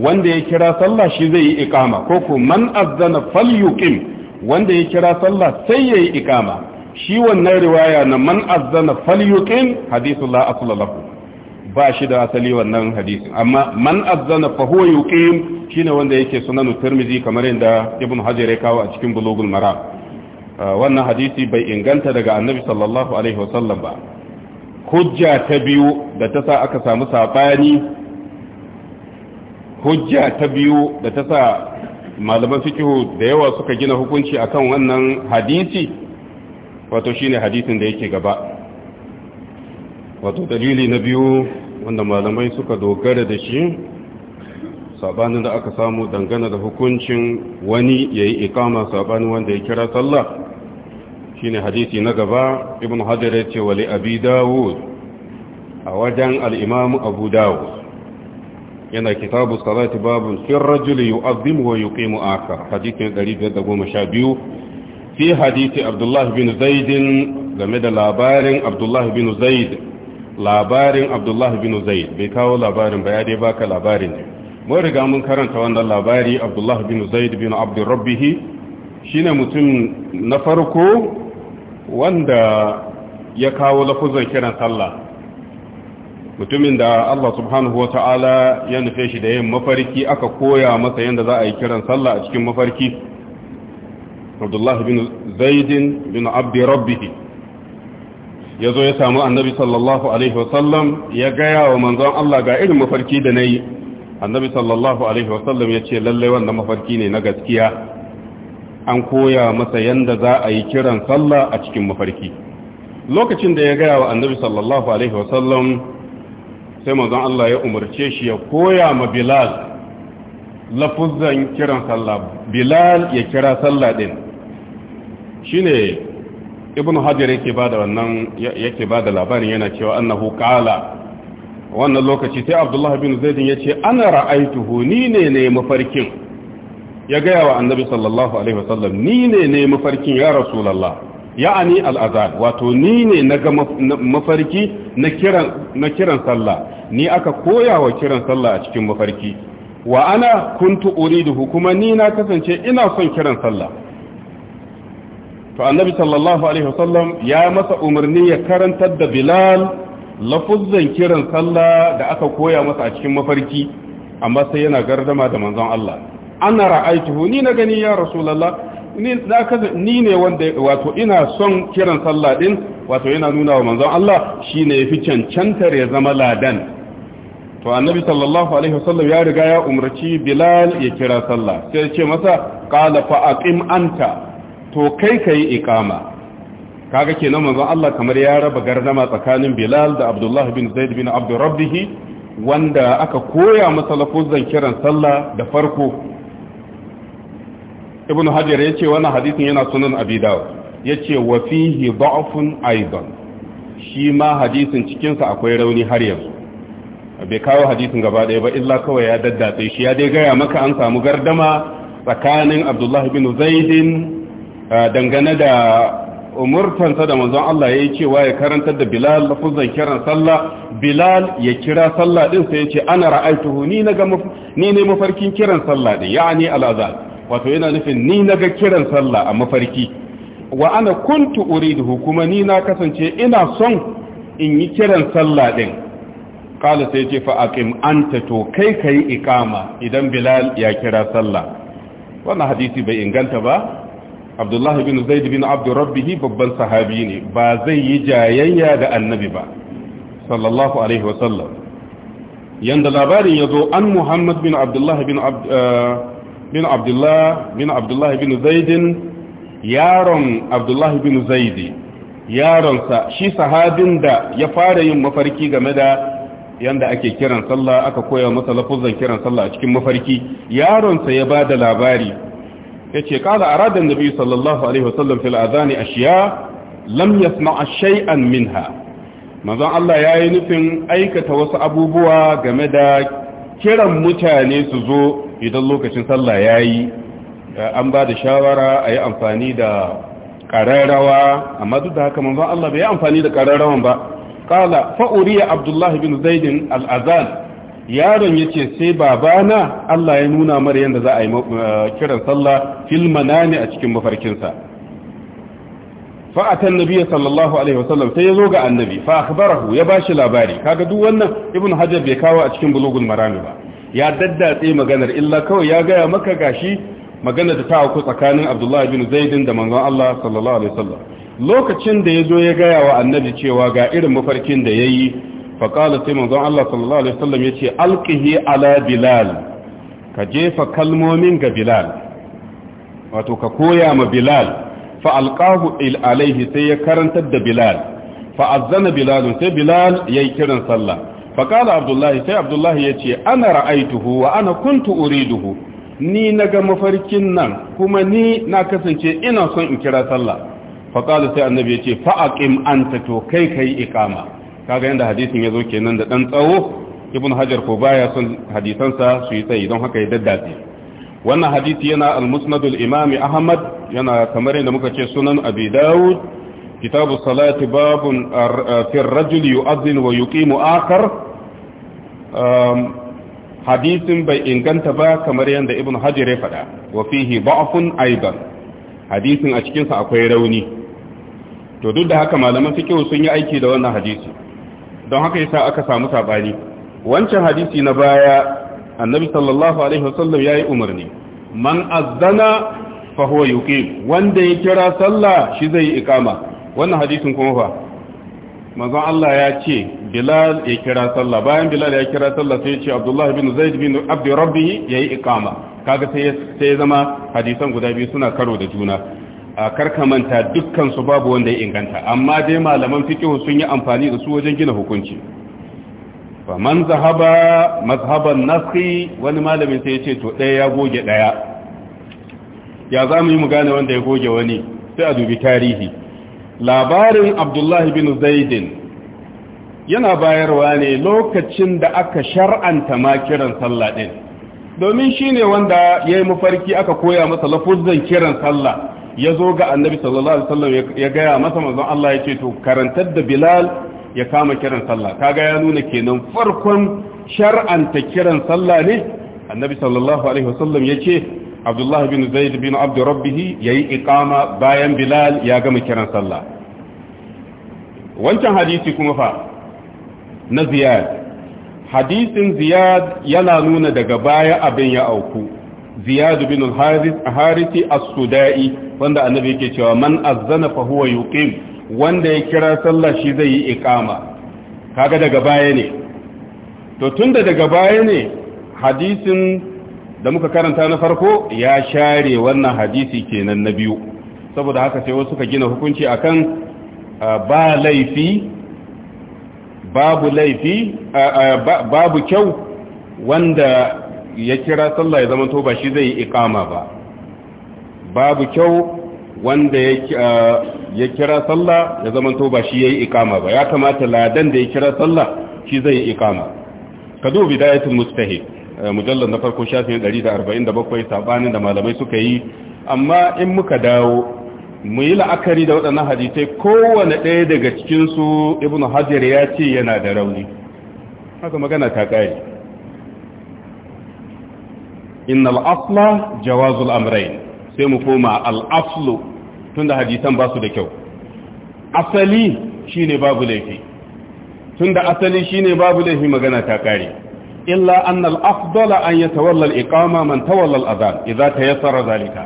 wanda ya kira sallah shi zai yi ikama ko ko man azzana falyuqim wanda ya kira sallah sai yayi ikama shi wannan riwaya na man azzana falyuqim hadithullah aslallahu ba shi da asali wannan hadisin amma man azzana fa huwa yuqim shine wanda yake sunanu tirmizi kamar yadda ibn hajar ya kawo a cikin bulugul mara uh, wannan hadisi bai inganta daga annabi sallallahu alaihi wasallam ba hujja ta biyu da ta sa aka samu sabani hujja ta biyu da ta sa malaman fikihu da yawa suka gina hukunci akan wannan hadisi wato shine hadisin da yake gaba wato dalili na biyu wanda malamai suka dogara da shi sabanin da aka samu dangane da hukuncin wani ya yi ikama sabanin wanda ya kira sallah shine hadisi na gaba ibn hajar ya ce Wale abi dawud a wajen al'imamu abu dawud yana kitabu salati babu fin rajuli yu'azzimu wa yuqimu akar hadisin 512 fi hadisi abdullahi bin Zaidin game da labarin abdullahi bin zaid labarin abdullah bin zaid bai kawo labarin ba ya dai baka labarin ne mun riga mun karanta wannan labari abdullah bin zaid bin abdurrabbihi shine mutum na farko wanda ya kawo lafuzan kiran sallah mutumin da Allah subhanahu wata'ala ya nufe shi da yin mafarki aka koya masa yadda za a yi kiran sallah a cikin mafarki abdullah bin zaid bin abdurrabbihi ya zo ya samu annabi sallallahu alaihi wasallam ya gaya wa manzon Allah ga irin mafarki da na yi annabi sallallahu alaihi wasallam ya ce lallai wannan mafarki ne na gaskiya an koya masa yanda za a yi kiran sallah a cikin mafarki lokacin da ya gaya wa annabi sallallahu alaihi wasallam sai manzon Allah ya umarce shi ya koya ma Bilal lafuzan kiran sallah Bilal ya kira sallah din shine ibn hajar yake bada wannan yake labarin yana cewa annahu qala wannan lokaci sai abdullah bin zaid ce ana ra'aituhu ni ne ne mafarkin ya ga yawa annabi sallallahu alaihi wasallam ni ne ne mafarkin ya rasulullah ya'ani al wato ni ne na ga mafarki na kiran na kiran sallah ni aka koya wa kiran sallah a cikin mafarki wa ana kuntu uriduhu kuma ni na kasance ina son kiran sallah to annabi sallallahu alaihi wasallam ya masa umarni ya karantar da bilal lafuzzan kiran sallah da aka koya masa a cikin mafarki amma sai yana gardama da manzon Allah ana ra'aituhu ni na gani ya rasulullah ni na kaza ni ne wanda wato ina son kiran sallah din wato yana nuna wa manzon Allah shine yafi cancantar ya zama ladan to annabi sallallahu alaihi wasallam ya riga ya umarci bilal ya kira sallah sai ya ce masa qala fa aqim anta to kai ka yi ikama kaga ke nan manzon Allah kamar ya raba gardama tsakanin Bilal da Abdullah bin Zaid bin Abdul Rabbih wanda aka koya masa lafuzan kiran sallah da farko Ibn Hajar yace wannan hadisin yana sunan Abi Dawud yace wa fihi da'fun aidan shi ma hadisin cikin sa akwai rauni har yanzu bai kawo hadisin gaba ɗaya ba illa kawai ya daddatsa shi ya dai gaya maka an samu gardama tsakanin Abdullah bin Zaidin Ah, dangane da umurtansa da manzon Allah ya yi cewa ya karantar da Bilal lafuzan kiran sallah Bilal ya kira sallah din sai ya ce ana ra'aituhu ni naga ni ne mafarkin kiran sallah din yani al-azan wato yana nufin ni naga kiran sallah a mafarki wa ana kuntu uriduhu kuma ni na kasance ina son in yi kiran sallah din qala sai ce fa aqim anta to kai kai ikama idan Bilal ya kira sallah wannan hadisi bai inganta ba abdullahi bin zaid bin abdu rabbihi babban sahabi ne ba zai yi jayayya da annabi ba sallallahu alaihi wa sallam yanda labarin ya zo an muhammad bin abdullahi bin uh, bin abdullahi bin abdullahi bin zaid yaron abdullahi bin zaid yaronsa shi sahabin da ya fara yin mafarki game da yanda ake kiran sallah aka koya masa lafuzan kiran sallah a cikin mafarki yaronsa ya ba da labari yace qala arada da biyu sallallahu alaihi wasallam fil adhani ashiya lam yasma'a shay'an minha manzon Allah yi nufin aikata wasu abubuwa game da kiran mutane su zo idan lokacin sallah yayi eh, an ba da shawara yi amfani da ƙararrawa amma duk da haka manzon Allah bai yi amfani da ƙararrawan ba kala fa uriya abdullah bin zaidin al-azan yaron ya ce sai babana Allah ya nuna mara yadda za a yi uh, kiran sallah filmana ne a cikin mafarkinsa fa'atan nabiya sallallahu alaihi wasallam sai ya zo ga annabi fa ya ya shi labari kaga duk wannan Ibn hajar bai kawo a cikin bulogun marami ba ya daddatse maganar illa kawai ya gaya maka gashi magana da ta ku tsakanin abdullahi bin zaidin da manzon Allah sallallahu alaihi wasallam lokacin da ya zo ya gaya wa annabi cewa ga irin mafarkin da ya yi. faƙala sai manzon Allah sallallahu alaihi wasallam ya ce ala bilal ka jefa kalmomin ga bilal wato ka koya ma bilal fa'alƙahu alaihi sai ya karantar da bilal fa'azzana bilalun sai bilal ya yi kiran sallah faƙala abdullahi sai abdullahi ya ce ana ra'aituhu wa ana kuntu uriduhu ni na ga mafarkin nan kuma ni na kasance ina son in kira sallah faƙala sai annabi ya ce fa'aƙim an ta to kai kai iƙama. kaga yanda hadisin ya zo kenan da dan tsawo ibn hajar ko baya son hadisansa su yi tsayi don haka ya daddace wannan hadisi yana al-musnad al ahmad yana kamar yadda muka ce sunan abi daud kitabu salati babun fi ar-rajul yu'adhdhin wa yuqimu akhar um, hadisin bai inganta ba kamar yadda ibn hajar ya faɗa wa fihi da'fun aidan hadisin a cikin sa akwai rauni to duk da haka malaman fiqh sun yi aiki da wannan hadisi don haka yasa aka samu sabani wancan hadisi na baya annabi sallallahu alaihi wasallam yayi umarni man azzana fa huwa yuqim wanda ya kira sallah shi zai ikama wannan hadisin kuma fa manzon Allah ya ce Bilal ya kira sallah bayan Bilal ya kira sallah sai ya ce Abdullahi bin Zaid bin Abd Rabbih yayi ikama kaga sai sai zama hadisan guda biyu suna karo da juna karkamanta dukkan su babu wanda ya inganta amma dai malaman fiqh sun yi amfani da su wajen gina hukunci man zahaba mazhaban nasi wani malamin sai ya ce to ɗaya ya goge daya ya za mu yi mu gane wanda ya goge wani sai a dubi tarihi labarin abdullahi bin zaidin yana bayarwa ne lokacin da aka shar'anta ma kiran sallah ɗin domin shine wanda yayi mafarki aka koya masa lafuzan kiran sallah ya zo ga annabi sallallahu alaihi wasallam ya gaya masa manzon Allah ya ce to karantar da Bilal ya kama kiran sallah kaga ya nuna kenan farkon shar'anta kiran sallah ne annabi sallallahu alaihi wasallam ya ce Abdullah bin Zaid bin Abd Rabbih yayi iqama bayan Bilal ya gama kiran sallah wancan hadisi kuma fa na Ziyad hadisin Ziyad yana nuna daga baya abin ya auku Ziyadu bin al-harith as-sudai wanda annabi yake cewa man azzana fa huwa yuqim wanda ya kira sallah shi zai yi iqama kaga daga baya ne to tunda daga baya ne hadisin da muka karanta na farko ya share wannan hadisi kenan na biyu saboda haka sai wasu ka gina hukunci akan uh, ba laifi babu laifi uh, uh, babu kyau wanda ya kira sallah ya zama to ba shi zai yi ikama ba babu kyau wanda ya uh, kira sallah ya zama to ba shi yayi ikama ba ya kamata ladan da ya kira sallah shi zai yi ikama ka dubi bidayatul mustahid uh, mujallar na farko shafin 147 sabanin da malamai suka yi amma in muka dawo mu yi la'akari da waɗannan hadisai kowane ɗaya daga cikinsu ibn hajar ya ce yana da rauni haka magana ta ƙari innal al'afla jawazul amrai sai mu koma al tun da hadisan ba su da kyau asali ne babu laifi da asali ne babu laifi magana ta kare illa annal afdala an yatawalla al iqama man tawalla al adhan idza tayassara zalika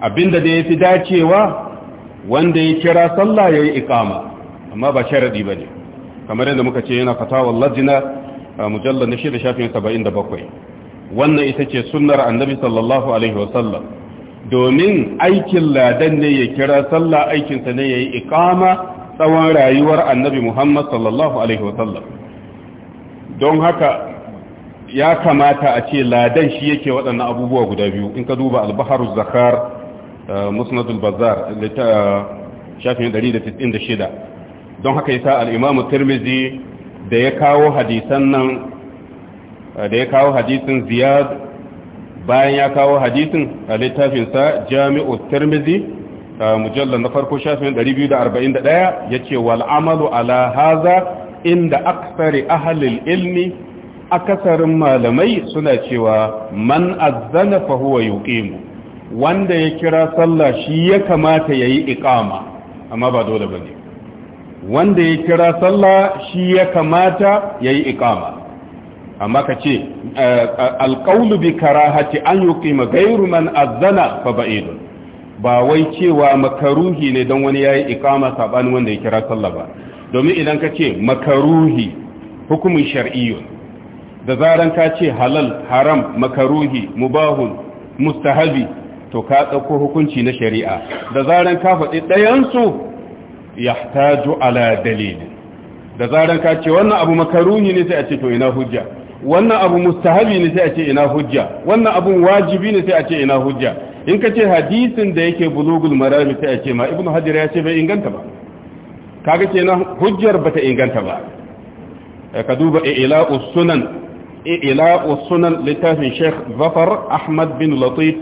abinda da ya fi dacewa wanda ya kira sallah yayi iqama amma ba sharadi ne. kamar yadda muka ce yana fatawar lajina mujallal na shida shafin 77 wannan ita ce sunnar annabi sallallahu alaihi wasallam domin aikin ladan ne ya kira sallah aikinsa ne ya yi ikama tsawon rayuwar annabi muhammad sallallahu alaihi wasallam don haka ya kamata a ce ladan shi yake waɗannan abubuwa guda biyu in ka duba albaharu zakar uh, musnadul bazar uh, shafin 196 don haka yasa al-imamu tirmizi da ya kawo hadisan nan da ya kawo hadisin ziyad bayan ya kawo hadisin a littafinsa jami'u tirmizi mujallar na farko shafin 241 ya ce wal'amalu ala haza inda aksari ahalil ilmi akasarin malamai suna cewa man azzana fahuwa yuqimu wanda ya kira sallah shi ya kamata ya yi iƙama amma ba dole ba ne wanda ya kira sallah shi ya kamata ya yi iƙama amma ka ce eh, alƙaunu bi karahati an ma gairu man azana fa ba'idun ba wai cewa makaruhi ne don wani yayi iqama sabanin wanda ya kira sallah ba domin idan ka ce makaruhi hukumin shar'iyyun da zaran ka ce halal haram makaruhi mubahun mustahabi to ka dauko hukunci na shari'a da zaran ka faɗi ɗayan su yahtaju ala dalilin da zaran ka ce wannan abu makaruhi ne sai a ce to ina hujja wannan abu mustahabi ne sai a ce ina hujja wannan abun wajibi ne sai a ce ina hujja in ka ce hadisin da yake bulugul marami sai a ce ma ibnu hajar ya ce bai inganta ba kaga na hujjar bata inganta ba eh, ka duba ila sunan ila usunan littafin sheikh zafar ahmad bin latif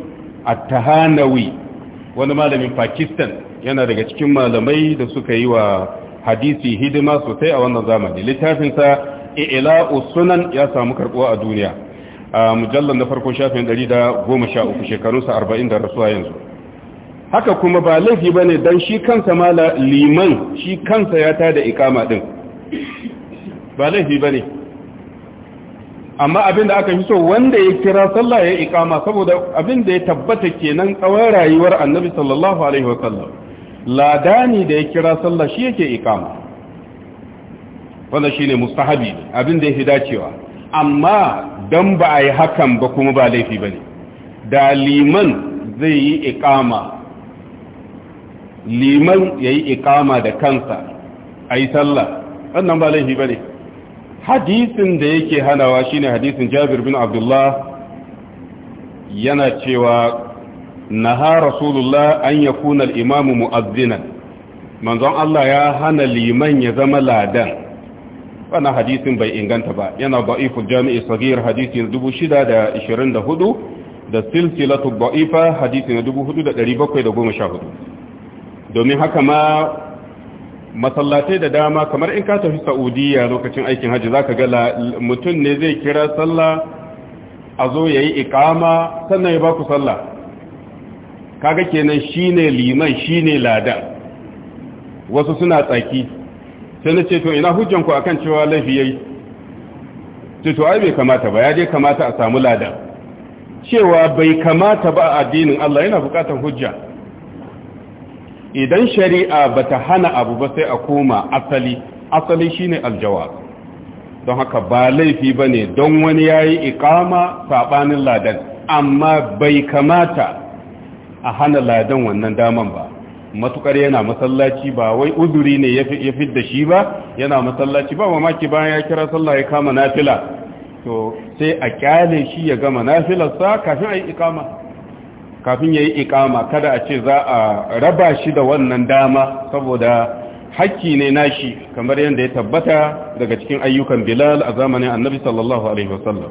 at-tahanawi wani malamin pakistan yana daga cikin malamai da suka yi wa hadisi hidima sosai a wannan zamani littafinsa i'la'u sunan ya samu karbuwa a duniya a mujallar na farko shafin 113 shekarunsa 40 da rasuwa yanzu haka kuma ba laifi ba ne don shi kansa mala liman shi kansa ya tada ikama din ba laifi ba ne amma abin da aka fi so wanda ya kira sallah ya ikama saboda abin da ya tabbata kenan tsawon rayuwar annabi sallallahu alaihi wasallam ladani da ya kira sallah shi yake ikama shi ne mustahabi abin da fi dacewa amma dan ba a yi hakan ba kuma ba laifi ne. da liman zai yi iqama liman yayi ikama da kansa ayi sallah wannan ba laifi ne. hadisin da yake hanawa shine hadisin Jabir bin Abdullah yana cewa naha rasulullah an yakuna al-imamu mu'azzinan manzon Allah ya hana liman ya zama ladan wannan hadisin bai inganta ba yana da'iful jami'i sagir hadisi na 624 da silsilatu da'ifa hadisi na 4714 domin haka ma masallatai da dama kamar in ka tafi Sa'udiyya lokacin aikin za zaka ga mutum ne zai kira sallah a zo yayi ikama sannan ya baku sallah kaga kenan shine liman shine Lada wasu suna tsaki sai na ce to ina hujjan ku akan cewa laifi yayi ce to ai bai kamata ba ya je kamata a samu lada cewa bai kamata ba a addinin Allah yana bukatar hujja idan shari'a bata hana abu ba sai a koma asali asali shine aljawab don haka ba laifi bane don wani yayi iqama sabanin ladan amma bai kamata a hana ladan wannan daman ba matukar yana masallaci ba wai uzuri ne ya da shi ba yana masallaci ba mamaki bayan ya kira sallah ya kama nafila to sai a kyale shi ya gama nafilarsa kafin a yi ikama kafin ya yi ikama kada a ce za a raba shi da wannan dama saboda hakki ne nashi kamar yadda ya tabbata daga cikin ayyukan bilal a zamanin annabi sallallahu alaihi wasallam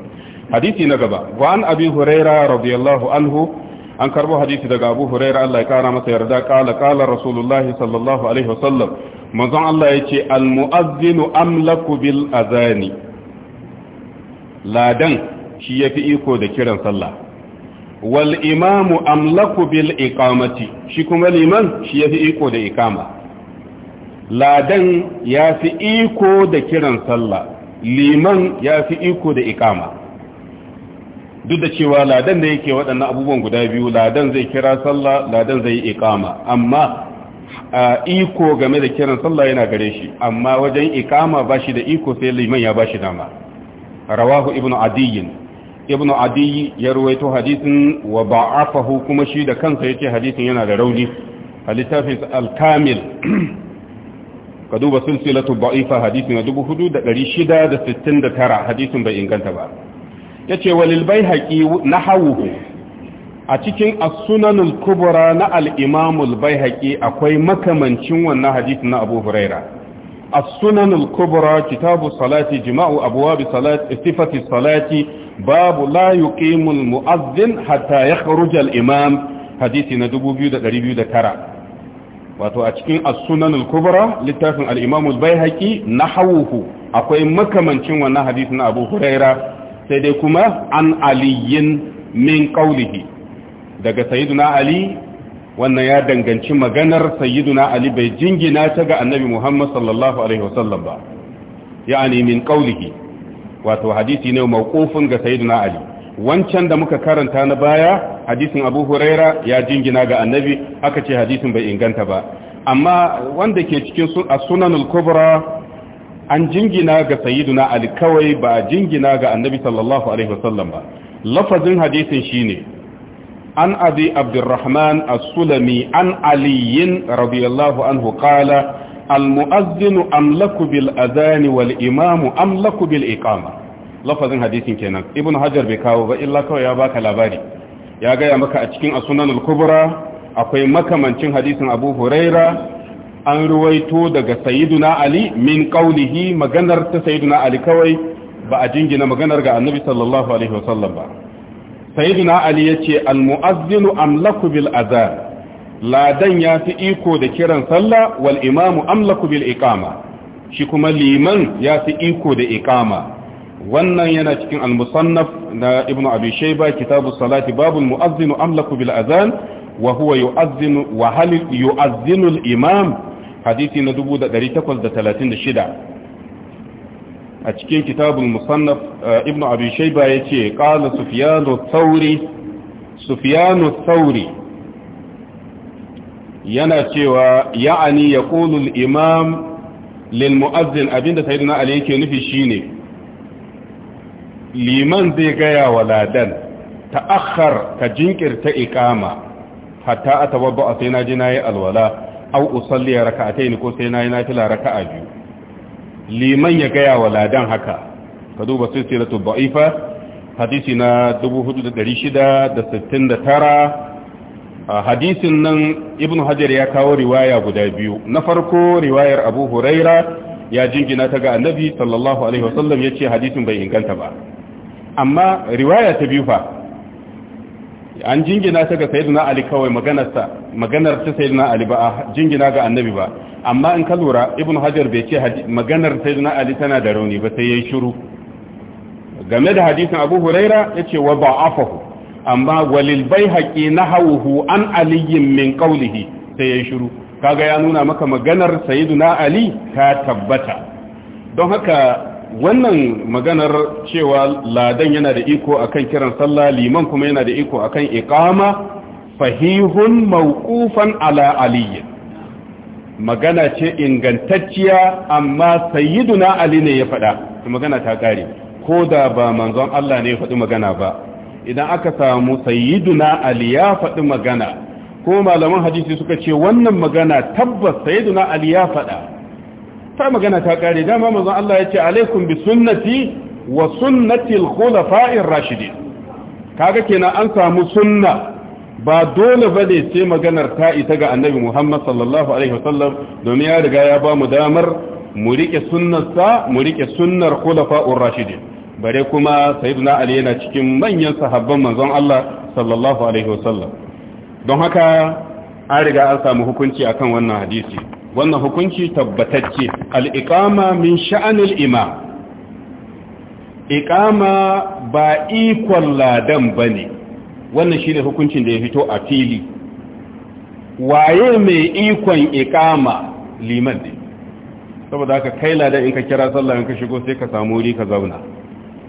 hadisi na gaba wa an abi huraira radiyallahu anhu an karbo hadisi daga abu huraira Allah ya kara masa yarda kala kala rasulullahi sallallahu alaihi wasallam manzon Allah ya ce al almu'azzinu amlaku bil azani ladan shi yafi iko da kiran sallah wal imamu amlaku bil iqamati shi kuma liman shi yafi iko da iqama ladan yafi iko da kiran sallah liman yafi iko da iqama duk da cewa ladan da yake waɗannan abubuwan guda biyu ladan zai kira sallah ladan zai iqama amma iko game da kiran sallah yana gare shi amma wajen iqama bashi da iko sai liman ya bashi dama rawahu ibnu adiy ibnu adiyi ya ruwaito hadisin wa ba'afahu kuma shi da kansa yace hadisin yana da rauni halitafin al-kamil *clears throat* ka duba silsilatu baifa hadisin 4669 hadisin bai inganta ba yace walil baihaqi nahawuhu a cikin as-sunanul na al'imamul bai haƙi akwai makamancin wannan hadisi na Abu Huraira as-sunanul kubra kitabu salati jima'u abwab salati sifati salati babu la yuqimu al-mu'adhdhin hatta yakhruja al-imam hadisi na 2209 wato a cikin as-sunanul kubra littafin al-imam al-baihaqi nahawuhu akwai makamancin wannan hadisi na Abu Huraira sai dai kuma an aliyin min kaulihi daga sayyiduna ali wannan ya danganci maganar sayyiduna ali bai jingina ta ga annabi muhammad sallallahu alaihi wasallam ba yani min kaulihi wato hadisi ne mawqufin ga sayyiduna ali wancan da muka karanta na baya hadisin abu huraira ya jingina ga annabi aka ce hadisin bai inganta ba amma wanda ke cikin sunan al-kubra an jingina ga sayyiduna ali kawai ba jingina ga annabi sallallahu alaihi wasallam ba lafazin hadisin shine an abi abdurrahman as-sulami an ali radiyallahu anhu qala al muazzin amlaku bil adhan wal imam amlaku bil iqama lafazin hadisin kenan ibnu hajar bai kawo ba illa kawai ya baka labari ya gaya maka a cikin as-sunan al-kubra akwai makamancin hadisin abu huraira an ruwaito daga sayyiduna ali min qaulihi maganar ta sayyiduna ali kawai ba a jingina maganar ga annabi sallallahu alaihi wasallam ba sayyiduna ali yace al muazzinu amlaku bil azan ladan ya fi iko da kiran sallah wal imamu amlaku bil iqama shi kuma liman ya fi iko da iqama wannan yana cikin al musannaf na ibnu abi shayba kitabu salati babul muazzinu amlaku bil azan وهو يؤذن وهل يؤذن الإمام hadisi na 1836 a cikin kitabul musannaf eh, ibnu abi shayba yace qala sufyanu thawri sufyanu thawri yana cewa ya'ani yaqulu al-imam lil mu'azzin abinda sayyidina ali yake nufi shine liman zai gaya wa ladan ta'akhkhar ka jinkirta ikama hatta atawadda sai na ji na yi alwala au usalli raka'atayn ko sai nayi nafila raka'a biyu liman ya gaya wa ladan haka ka duba silsilatu da'ifa hadisi na 4669 hadisin nan ibn hajar ya kawo riwaya guda biyu na farko riwayar abu huraira ya jingina ta ga annabi sallallahu alaihi wasallam ya ce hadisin bai inganta ba amma riwaya ta biyu fa an jingina ta ga sayyidina ali kawai maganarsa maganar ta sayyidina ali ba a jingina ga annabi ba amma in ka lura ibnu hajar bai ce maganar sayyidina ali tana da rauni ba sai yayi shiru game da hadisin abu huraira yace wa ba'afahu amma walil na nahawuhu an ali min qawlihi sai yayi shiru kaga ya nuna maka maganar sayyidina ali ta tabbata don haka wannan maganar cewa ladan yana da iko akan kiran sallah liman kuma yana da iko akan iqama fahihun mawqufan ala ali magana ce ingantacciya amma sayyiduna ali ne ya faɗa magana ta kare ko da ba manzon Allah ne ya faɗi magana ba idan aka samu sayyiduna ali ya faɗi magana ko malaman hadisi suka ce wannan magana tabbas sayyiduna ali ya faɗa ta magana ta kare dama manzon Allah ya ce alaikum bi sunnati wa sunnatil al-khulafa'ir rashidi kaga kenan an samu sunna ba dole bane sai maganar ta ita ga annabi Muhammad sallallahu alaihi wasallam domin ya riga ya ba mu damar mu rike sunnarsa mu rike sunnar khulafa'ur Rashidi. bare kuma sayyidina ali yana cikin manyan sahabban manzon Allah sallallahu alaihi wasallam don haka an riga an samu hukunci akan wannan hadisi wannan hukunci tabbatacce al'iƙama min sha'anil imam iƙama ba ikon ladan ba ne wannan shi ne hukuncin da ya fito a fili waye mai ikon iƙama liman ne saboda haka kai ladan in ka kira sallah in ka shigo sai ka samu wuri ka zauna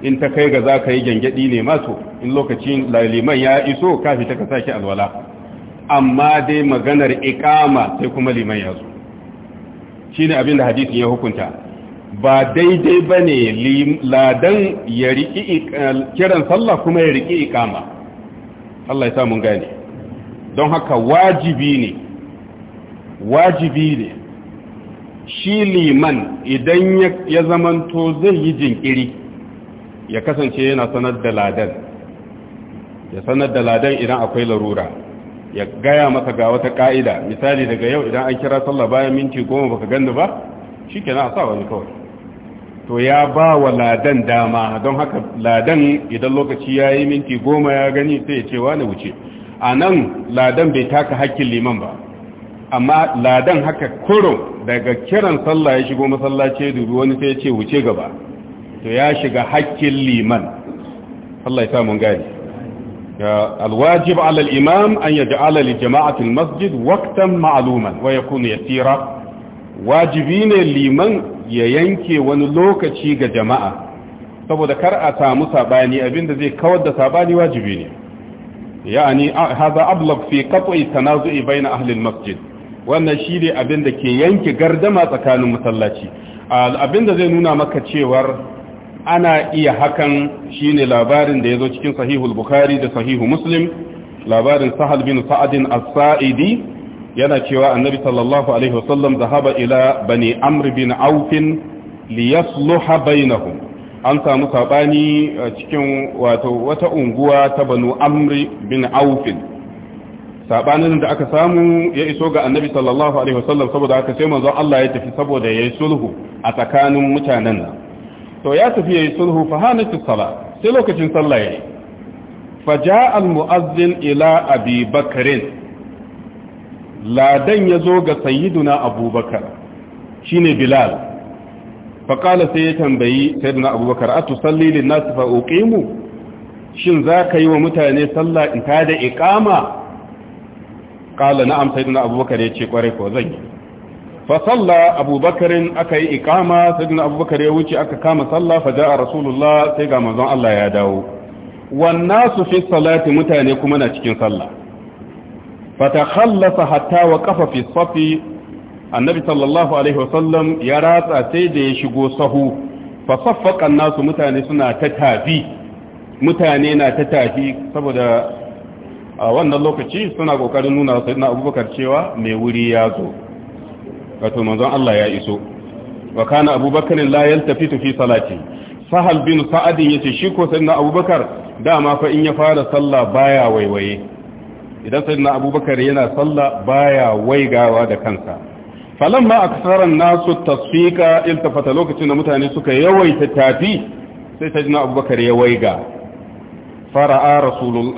in ta kai ga za ka yi gyangyaɗi ne maso in lokacin liman ya iso ka fita ka sake alwala amma dai maganar iƙama sai kuma liman ya zo shine abin da hadisin ya hukunta ba daidai ba ne ladan ya riƙi kiran sallah kuma ya riƙi ikama Allah ya sa mun gane don haka wajibi ne wajibi ne shi liman idan ya zamanto zai yi jinkiri ya kasance yana sanar da ladan ya sanar da ladan idan akwai larura ya gaya masa ga wata ka'ida misali daga yau idan an kira sallah bayan minti goma baka ganni ba shi shikenan a sa wani kawai to ya ba wa ladan dama don haka ladan idan lokaci ya yi minti goma ya gani sai ya ce wani wuce a nan ladan bai taka hakkin liman ba amma ladan haka kuro daga kiran sallah ya shigo masallaci dubi wani sai ya ce wuce gaba to ya shiga hakkin liman Allah ya sa mun gani الواجب على الإمام أن يجعل لجماعة المسجد وقتا wajibi ne يسيرا ya yanke wani lokaci ga jama'a saboda kar a samu sabani abinda zai kawar da sabani wajibi ne yani haza ablaq fi qat'i tanazu'i bayna ahli masjid wannan shine abinda ke yanke gardama tsakanin masallaci abinda zai nuna maka cewar ana iya hakan shine labarin da ya zo cikin sahihul bukhari da sahihu muslim labarin sahal bin sa'adin as-sa'idi yana cewa annabi sallallahu alaihi wasallam zahaba ila bani amr bin aufin liyasluha bainahum an samu sabani uh, cikin wato wata unguwa ta banu amr bin awfin sabanin da aka samu ya iso ga annabi sallallahu alaihi wasallam saboda aka sai manzo Allah ya tafi saboda yayi sulhu a tsakanin mutanen nan to ya tafi yayi sulhu fa sala sai lokacin sallah yayi fa ja'a al mu'azzin ila abi bakrin ladan yazo ga sayyiduna abubakar shine bilal fa qala sai ya tambayi sayyiduna abubakar atusalli lin nas fa uqimu shin zaka yi wa mutane sallah in ta da iqama qala na'am sayyiduna abubakar ya ce kware ko zan yi fa abubakarin aka yi ikama sayyidina abubakar ya wuce aka kama salla fa ja'a rasulullah sai ga manzon Allah ya dawo wannan nasu fi salati mutane kuma na cikin sallah fa takhallasa hatta wa kafa fi safi annabi sallallahu alaihi wasallam ya ratsa sai da ya shigo sahu fa saffaqa nasu mutane suna ta tafi mutane na ta tafi saboda a wannan lokaci suna kokarin nuna sayyidina abubakar cewa mai wuri ya zo wato manzon Allah ya iso wa kana abubakar la yaltafitu fi salati sahal bin sa'ad yace shi ko sayyidina abubakar dama fa in ya fara sallah baya waiwaye idan sayyidina abubakar yana sallah baya waigawa da kansa falamma aksaran nasu tasfika iltafata lokacin da mutane suka yawaita tafi sai sayyidina abubakar ya waiga fara'a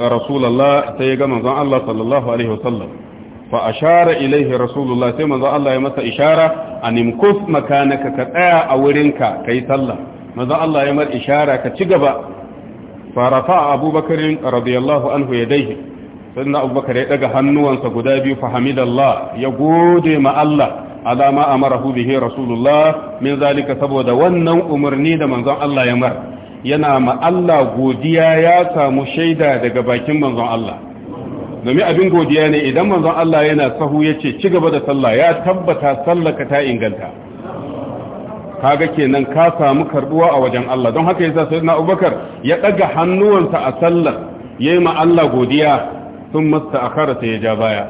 rasulullah sai ya ga manzon Allah sallallahu alaihi wasallam fa ashara ilaihi rasulullah sai manzo Allah ya masa ishara a kus makanaka ka tsaya a wurinka kai sallah manzo Allah ya mar ishara ka ci gaba fa rafa abubakar radiyallahu anhu yadayhi sannan abubakar ya daga hannuwansa guda biyu fa hamidallah ya gode ma Allah ala ma amarahu bihi rasulullah min zalika saboda wannan umarni da manzon Allah ya mar yana ma Allah godiya ya samu shaida daga bakin manzon Allah domin abin godiya ne idan manzon Allah yana sahu ce ci gaba da sallah ya tabbata sallaka ta inganta kaga kenan ka samu karbuwa a wajen Allah don haka yasa sayyidina Abubakar ya daga hannuwansa a sallar yayi ma Allah godiya sun masta akhara sai ya ja baya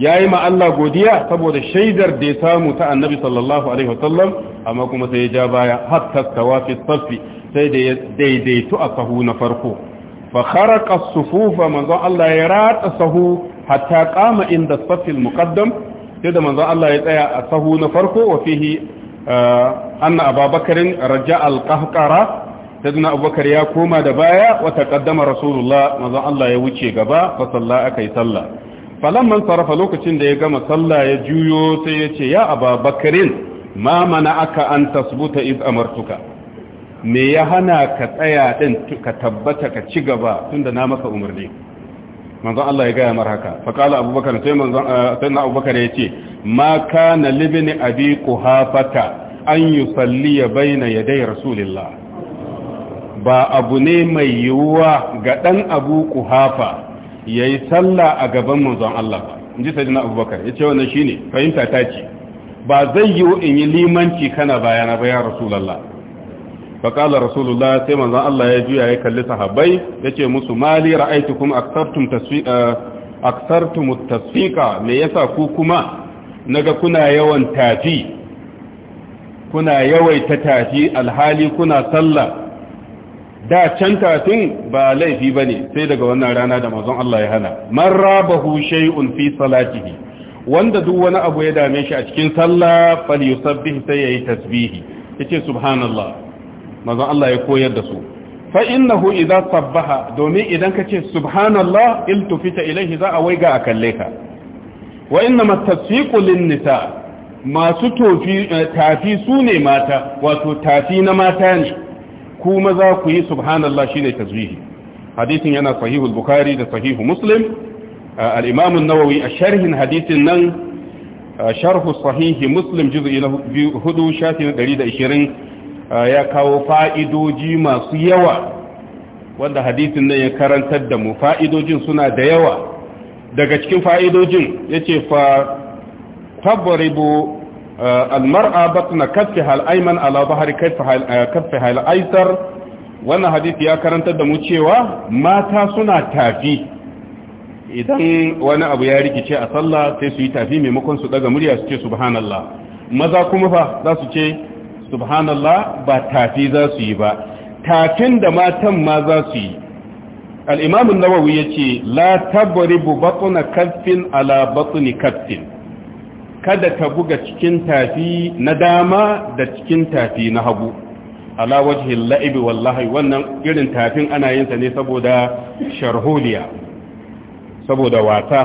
yayi ma Allah godiya saboda shaidar da ya samu ta Annabi sallallahu alaihi wasallam amma kuma sai ya ja baya hatta tawafi safi sai da ya daidaitu a sahu na farko fa kharaqa sufufa manzon Allah ya ratsa sahu hatta qama inda safil muqaddam sai da manzon Allah ya tsaya a sahu na farko wa fihi eh, anna ababakar raja al-qahqara sayyidina abubakar ya koma da baya wa taqaddama rasulullah manzon Allah ya wuce gaba fa salla akai salla falamman sarafa lokacin da ya gama salla ya juyo sai ya ce ya ababakarin ma mana aka an tasbuta iz amartuka me ya hana ka tsaya din ka tabbata ka ci gaba tunda na maka umarni manzo Allah ya gaya mar haka fa kala abubakar sai manzon eh, sannan abubakar ya ce ma kana libni abi quhafata an yusalli baina yaday rasulillah ba abu ne mai yiwuwa ga dan abu quhafa yayi sallah a gaban manzo Allah ba inji sayyidina abubakar yace wannan shine fahimta ta ce ba zai yiwu in yi limanci kana bayana ba ya rasulullah faƙalar rasulullah sai manzan Allah ya juya ya kalli sahabbai ya ce musu mali ra'aitu kuma aksartum eh, tasfika me yasa ku kuma naga kuna yawan tafi kuna yawaita tafi alhali kuna sallah da can tafin ba laifi ba ne sai daga wannan rana da manzan Allah ya hana man rabahu shay'un fi salatihi wanda duk wani abu ya dame shi a cikin sallah falyusabbih sai yayi tasbihi yace subhanallah Mazan Allah ya koyar da su fa innahu idza sabbaha domin idan kace subhanallah tufita ilaihi za a waiga a kalle ka wa innama tasfiqu lin nisa masu tofi eh, tafi sune mata wato tafi na mata ne ku maza ku yi subhanallah shine tasbihi Hadithin yana sahihul bukhari da sahihu muslim eh, al-imam an-nawawi a sharhin hadisin nan eh, sharh sahih muslim juz'i na 4 shafi ya kawo fa'idoji masu yawa wanda hadisin nan ya karantar da mu fa'idojin suna da yawa daga cikin fa'idojin ya ce fa tabbaribu almar'a batna kaffi hal'aiman ala bahari kaffi hal'aisar wannan hadisi ya karantar da mu cewa mata suna tafi idan wani abu ya rikice a sallah sai su yi tafi maimakon su daga murya su ce subhanallah maza kuma fa za su ce subhanallah ba tafi za su yi ba tafin da matan ma za su yi al'imamun nawawi ya ce la bu batsuna kaffin ala batsuni kaffin kada ka buga cikin tafi na dama da cikin tafi na hagu ala wajihin la'ibi wallahi wannan irin tafin ana yinsa ne saboda sharholiya saboda wata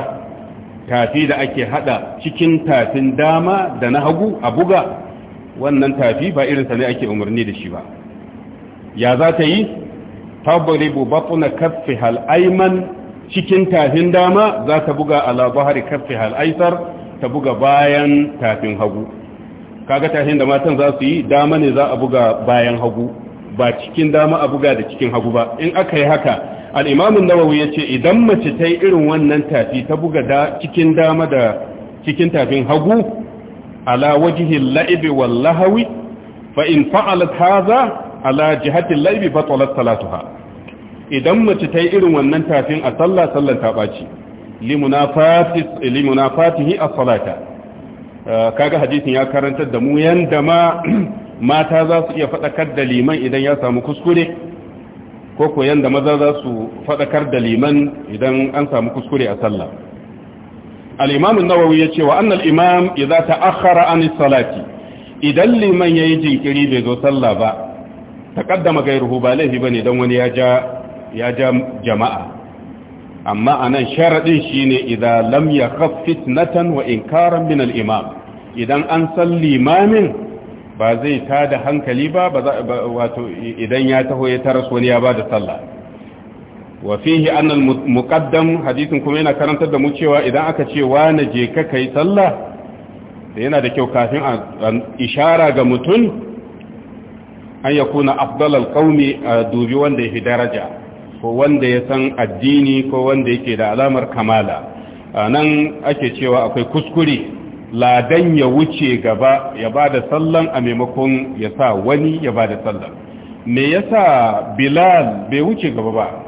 tafi da ake hada cikin tafin dama da na hagu a buga wannan tafi ba irinsa ne ake umarni da shi ba ya za ta yi tabribu bafuna kaffi hal cikin tafin dama za ta buga ala bahri kaffi hal ta buga bayan tafin hagu kaga tafin da matan za su yi dama ne za a buga bayan hagu ba cikin dama a buga da cikin hagu ba in aka yi haka al'imamin nawawi ya ce idan mace ta yi irin wannan tafi ta buga da cikin dama da cikin tafin hagu ala wajihin al-la'ib wal lahawi fa in fa'alat hadha ala jihati idan mace ta yi irin wannan tafin a sallah sallar ta baci limunafatihi a salata uh, kaga hadisin ya karantar da mu yanda ma *clears throat* mata za su iya faɗakar da liman idan ya samu kuskure ko ko yanda maza za su faɗakar da liman idan an samu kuskure a sallah al-imam ya ce yace wa anna za imam idza ta'akhkhara an salati idan liman yayi jinkiri bai zo sallah ba ta kaddama gairuhu ba laifi ne dan wani ya ja ya ja jama'a amma anan shi shine idan lam yakhaf fitnatan wa inkaran min al idan an san limamin ba zai tada hankali ba wato idan ya taho ya taras wani ya bada sallah wa fihi muƙaddam muqaddam hadisin kuma yana karantar da mu cewa idan aka ce wani je ka kai sallah da yana da kyau kafin an ishara ga mutum an ya kuna afdalal qaumi a dubi wanda yafi daraja ko wanda ya san addini ko wanda yake da alamar kamala nan ake cewa akwai kuskure ladan ya wuce gaba ya bada sallan a maimakon ya sa wani ya bada sallan me yasa bilal bai wuce gaba ba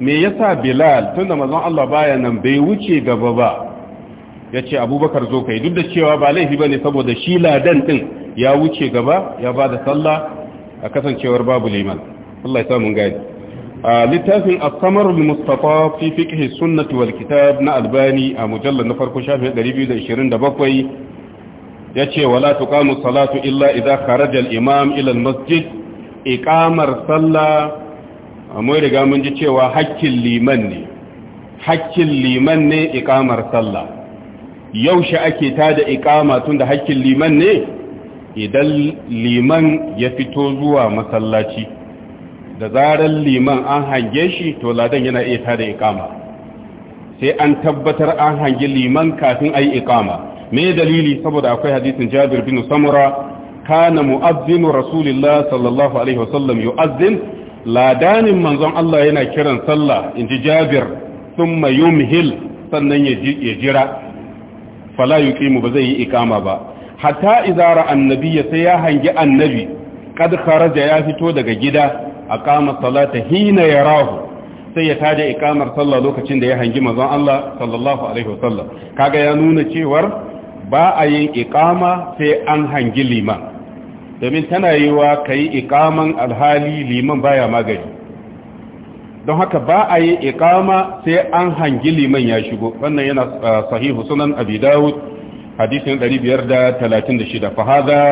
me yasa bilal da mazan Allah baya nan bai wuce gaba ba ce abubakar zo kai duk da cewa ba laifi ne saboda shi ladan din ya wuce gaba ya da sallah a kasancewar babu liman Allah ya gani littafin asamar Mustapha bil fi fiqh sunnah wal kitab na albani a mujallar na farko shafi 227 yace wala tuqamu salatu illa idha kharaja al-imam ila al-masjid iqamar sallah mun riga mun ji cewa hakkin liman ne hakkin liman ne ikamar sallah yaushe ake tada ikama tunda hakkin liman ne idan liman ya fito zuwa masallaci da zarar liman an hange shi to ladan yana iya tada ikama sai an tabbatar an hangi liman kafin a yi ikama me dalili saboda akwai hadisin Jabir bin Samura kana mu'azzinu Rasulullah sallallahu alaihi wasallam yu'azzin ladanin manzon Allah yana kiran sallah inji Jabir mayum hil sannan ya jira fala yuqimu ba zai yi ikama ba hatta izara annabi sai ya hangi annabi kad kharaja ya fito daga gida kama salata hina yarahu sai ya tada ikamar sallah lokacin da ya hangi manzon Allah sallallahu alaihi wasallam kaga ya nuna cewar ba a yin ikama sai an hangi liman domin tana yi wa ka yi ikaman alhali liman baya magani don haka ba a yi ikama sai an hangi liman ya shigo wannan yana ah, sahihu sunan abi dawud hadisin 536 fa hada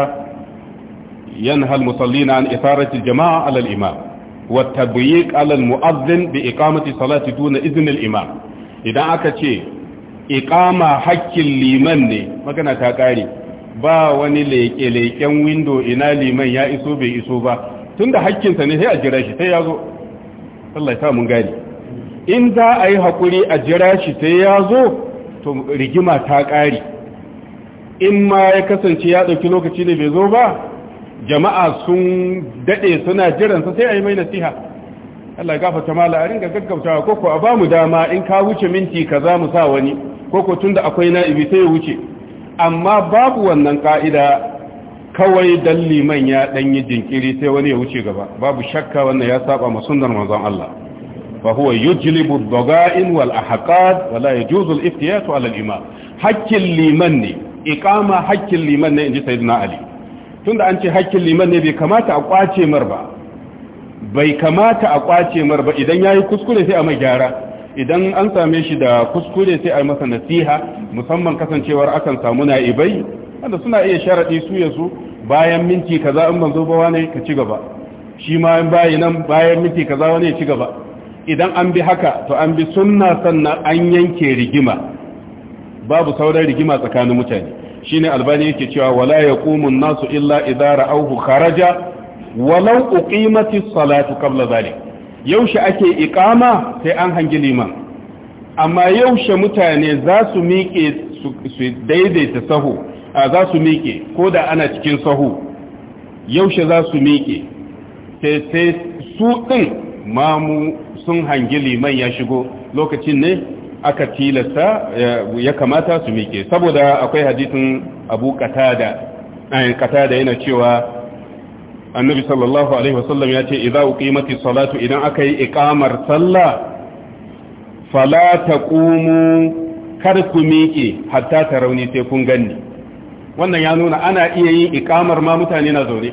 yanha al-musallina an itharati jamaa alal imam wa tabyiq ala al bi ikamati salati duna idhn imam idan aka ce iƙama hakkin liman ne magana ta ƙare. ba wani leƙe-leƙen windo ina liman ya iso bai iso ba tun da hakkinsa ne sai a jira shi sai ya zo Allah ya mun gani in za a yi haƙuri a jira shi sai ya zo to rigima ta ƙari in ma ya kasance ya ɗauki lokaci ne bai zo ba jama'a sun daɗe suna jiransa sai a yi mai nasiha Allah ta mala a ringa gaggautawa koko a ba mu dama in ka wuce minti kaza za mu sa wani koko tun akwai na'ibi sai ya wuce amma babu wannan ka'ida kawai dan liman ya dan yi jinkiri sai wani ya wuce gaba babu shakka wannan ya saba ma sunnar manzon Allah fa huwa yujlibu ad-daga'in wal ahqad wa la yajuzu al-iftiyatu 'ala al-imam hakkin liman ne iqama hakkin liman ne inji sayyidina ali tunda an ce hakkin liman ne bai kamata a kwace mar ba bai kamata a kwace mar ba idan yayi kuskure sai a mai gyara idan an same shi da kuskure sai a yi masa nasiha musamman kasancewar akan samu na'ibai wanda suna iya sharaɗi su ya su bayan minti kaza in ban zo ba wani ka ci gaba shi ma bayi nan bayan minti kaza wani ya ci gaba idan an bi haka to an bi sunna sannan an yanke rigima babu sauran rigima tsakanin mutane shine albani yake cewa wala yaqumu nasu illa idza ra'awhu kharaja walau uqimatis salatu qabla zalik yaushe ake iƙama sai an hangi liman amma yaushe mutane za su miƙe su daidaita sahu za su miƙe ko da ana cikin sahu yaushe za su miƙe sai su ɗin mamu sun hangi liman ya shigo lokacin ne aka tilasta ya kamata su miƙe saboda akwai hadisin abu da eh, yana cewa annabi sallallahu alaihi wasallam ya ce idza uqimatis salatu idan aka yi iƙamar sallah fala taqumu kar ku miƙe hatta tarauni sai kun ganni wannan ya nuna ana iya yin iƙamar ma mutane na zaune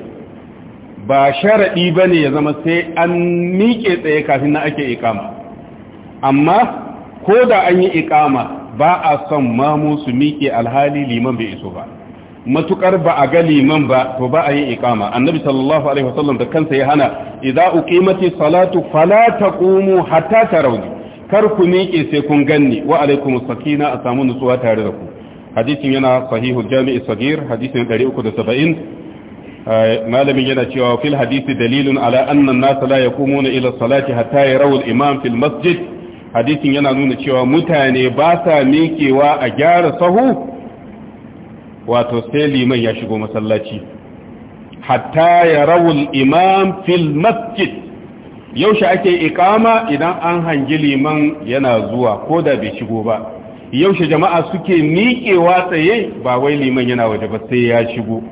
ba sharadi bane ya zama sai an miƙe tsaye kafin na ake ikama amma ko da an yi iqama ba a son mamu su miƙe alhali liman bai iso ba matukar ba a ga liman ba to ba a yi iqama annabi sallallahu alaihi wasallam da kansa ya hana idza uqimati salatu fala taqumu hatta tarawni kar ku miƙe sai kun ganni wa alaikumus sakina a samu nutsuwa tare da ku hadisin yana sahihul jami'i sagir hadisin 370 eh, malamin yana cewa fil hadisi dalilun ala anna an-nas la yaqumuna ila salati hatta yarawu al-imam fil masjid hadisin yana nuna cewa mutane ba sa miƙewa a gyara sahu wato sai liman ya shigo masallaci hatta ya rawul imam fil masjid yaushe ake ikama idan an hangi liman yana zuwa ko da bai shigo ba yaushe jama'a suke miƙewa tsaye ba wai liman yana waje ba sai ya shigo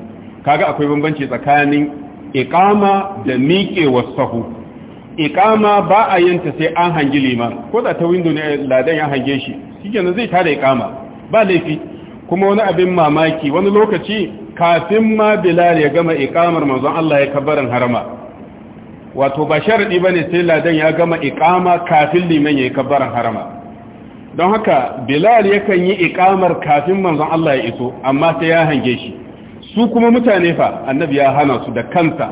kaga akwai bambanci tsakanin ikama da miƙewa sahu ikama ba a yanta sai an hangi liman ko da ta windo ne ladan ya hange shi shi zai tada ikama ba laifi kuma wani abin mamaki wani lokaci kafin ma bilal ya gama ikamar manzon Allah ya kabarin harama wato ba sharadi bane sai ladan ya gama ikama kafin liman ya kabarin harama don haka bilal yakan yi ikamar kafin manzon Allah ya iso amma sai ya hange shi su kuma mutane fa annabi ya hana su da kansa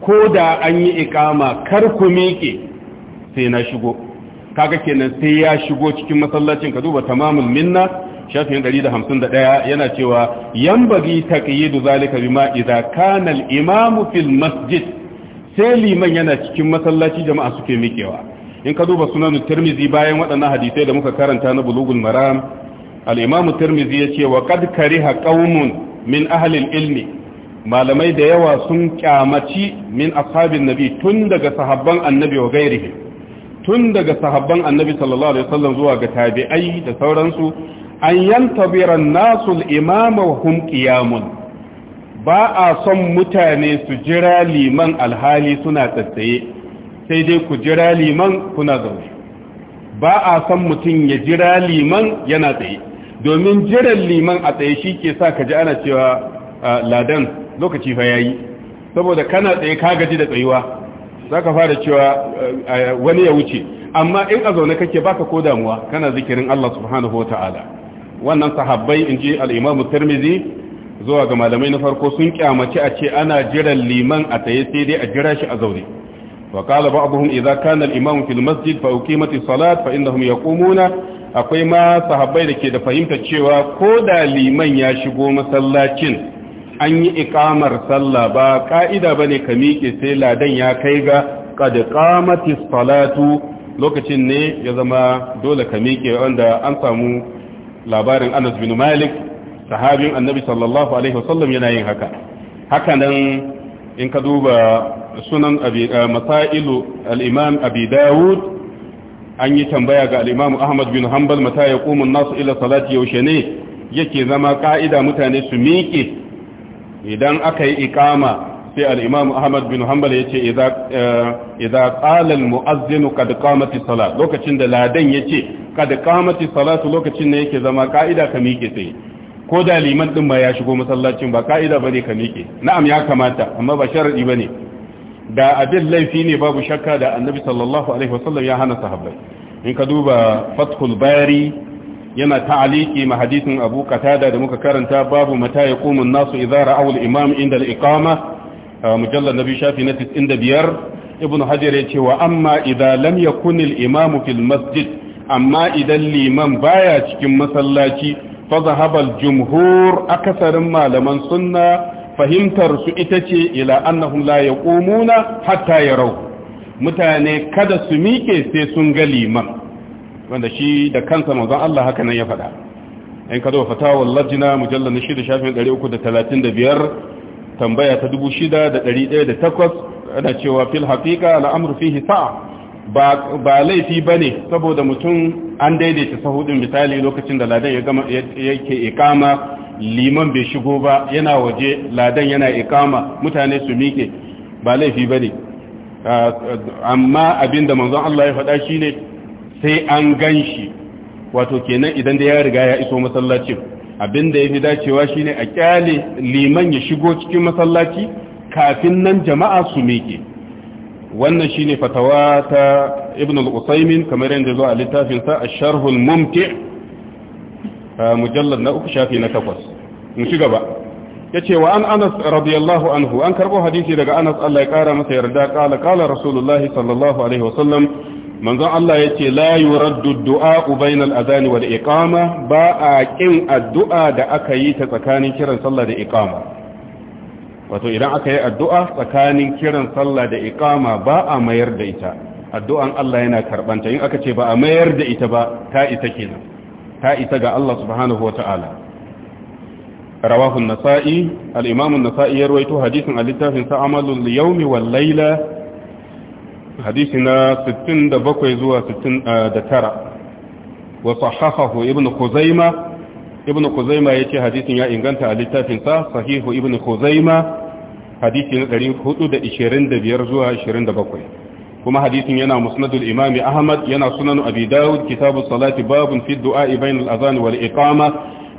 ko da an yi ikama kar ku miƙe sai na shigo kaga kenan sai ya shigo cikin masallacin ka duba tamamul minna shafin 151 yana cewa yan yambagi taqyidu zalika bima idza kana imamu fil masjid sai liman yana cikin masallaci jama'a suke mikewa in ka duba sunan tirmizi bayan waɗannan hadisai da muka karanta na bulugul maram al-imamu tirmizi ce wa qad kariha qaumun min ahli al-ilmi malamai da yawa sun kyamaci min ashabin nabi tun daga sahabban annabi wa gairihi tun daga sahabban annabi sallallahu alaihi wasallam zuwa ga tabi'ai da sauransu an yanta biran al-imama wa hum ba a son mutane su jira liman alhali suna tsatsaye sai dai ku jira liman kuna zaune ba a son mutum ya jira liman yana tsaye domin jiran liman a tsaye shi ke sa ka ji ana cewa ah, ladan lokaci fa yayi saboda kana tsaye ka gaji da tsayuwa za ka fara cewa ah, ah, wani ya wuce amma in a zaune kake baka ko damuwa kana zikirin Allah subhanahu wa ta'ala wannan sahabbai in ji al'imamu tirmizi zuwa ga malamai na farko sun kyamaci a ce ana jiran liman a taye sai dai a jira shi a zaune wa kala ba abuhun idza kana al-imamu fil masjid fa uqimati salat fa innahum yaqumuna akwai ma sahabbai da ke da fahimtar cewa ko da liman ya shigo masallacin an yi ikamar sallah ba ka'ida bane ka miƙe sai ladan ya kai ga qad qamati salatu lokacin ne ya zama dole ka miƙe wanda an samu labarin Anas bin Malik sahabin Annabi sallallahu alaihi wasallam yana yin haka haka nan in ka duba sunan abi eh, masailu al-Imam Abi Dawud an yi tambaya ga al-Imam Ahmad bin Hanbal mata ya qumu an-nasu ila salati yaushe ne yake zama ka'ida mutane su miƙe idan aka yi iqama sai al ahmad bin hanbal ya ce idza eh, qala al-mu'azzin qad qamati salat lokacin da ladan ce qad qamati salatu lokacin ne yake zama ka'ida ka miƙe sai ko da liman ɗin ba ya shigo masallacin ba ka'ida ne ka miƙe na'am ya kamata amma ba ba bane da abin laifi ne babu shakka da annabi sallallahu alaihi wasallam ya hana sahabbai in ka duba fathul bari yana ta'aliki ma hadisin abu qatada da muka karanta babu mata yaqumun nasu idza ra'aw al-imam inda al-iqama mujallar nabi shafi na 95 ibn hajar ya ce wa amma idan lam yakun al masjid amma idan liman baya cikin masallaci fa zahaba jumhur akasarin malaman sunna fahimtar su ita ce ila ya la yaqumuna hatta rau mutane kada su mike sai sun ga liman wanda shi da kansa manzon Allah haka nan ya faɗa in ka zo fatawar lajina mujallar na shida shafin 335 tambaya ta 6108 ana cewa fil haqiqa al'amur fihi sa'a ba ba laifi bane saboda mutum an daidaita sahudin misali lokacin da ladan ya gama yake ikama liman bai shigo ba yana waje ladan yana ikama mutane su mike ba laifi bane amma abinda manzon Allah ya faɗa shine sai an gan shi wato kenan idan da ya riga ya iso masallacin abin da ya fi dacewa shine a kyale liman ya shigo cikin masallaci kafin nan jama'a su miƙe wannan shine fatawa ta ibn al-usaymin kamar yadda zo a littafin sa ash-sharh al-mumti' mujallad na uku shafi na takwas mu shiga ba yace wa an Anas radiyallahu anhu an karbo hadisi daga Anas Allah ya kara masa yarda kala kala Rasulullah sallallahu alaihi wasallam manzon Allah ya ce la yuraddu du'a bainal adhan wal iqama ba a kin addu'a da aka yi ta tsakanin kiran sallah da iqama wato idan aka yi addu'a tsakanin kiran sallah da iqama ba a mayar da ita addu'an Allah yana karbanta in aka ce ba a mayar da ita ba ta isa kenan ta ga Allah subhanahu wataala rawahu an-nasa'i al-imam an-nasa'i ya rawaito hadithin al-littafin sa'amalul yawmi wal layla hadisi na 67 zuwa 69 wa sahahahu ibn khuzaima ibn khuzaima yace hadisin ya inganta a littafin sa sahihu ibn khuzaima hadisi na 425 zuwa 27 kuma hadisin yana musnadul imami ahmad yana sunan abi daud kitabu salati babun fi du'a bainal adhan wal iqama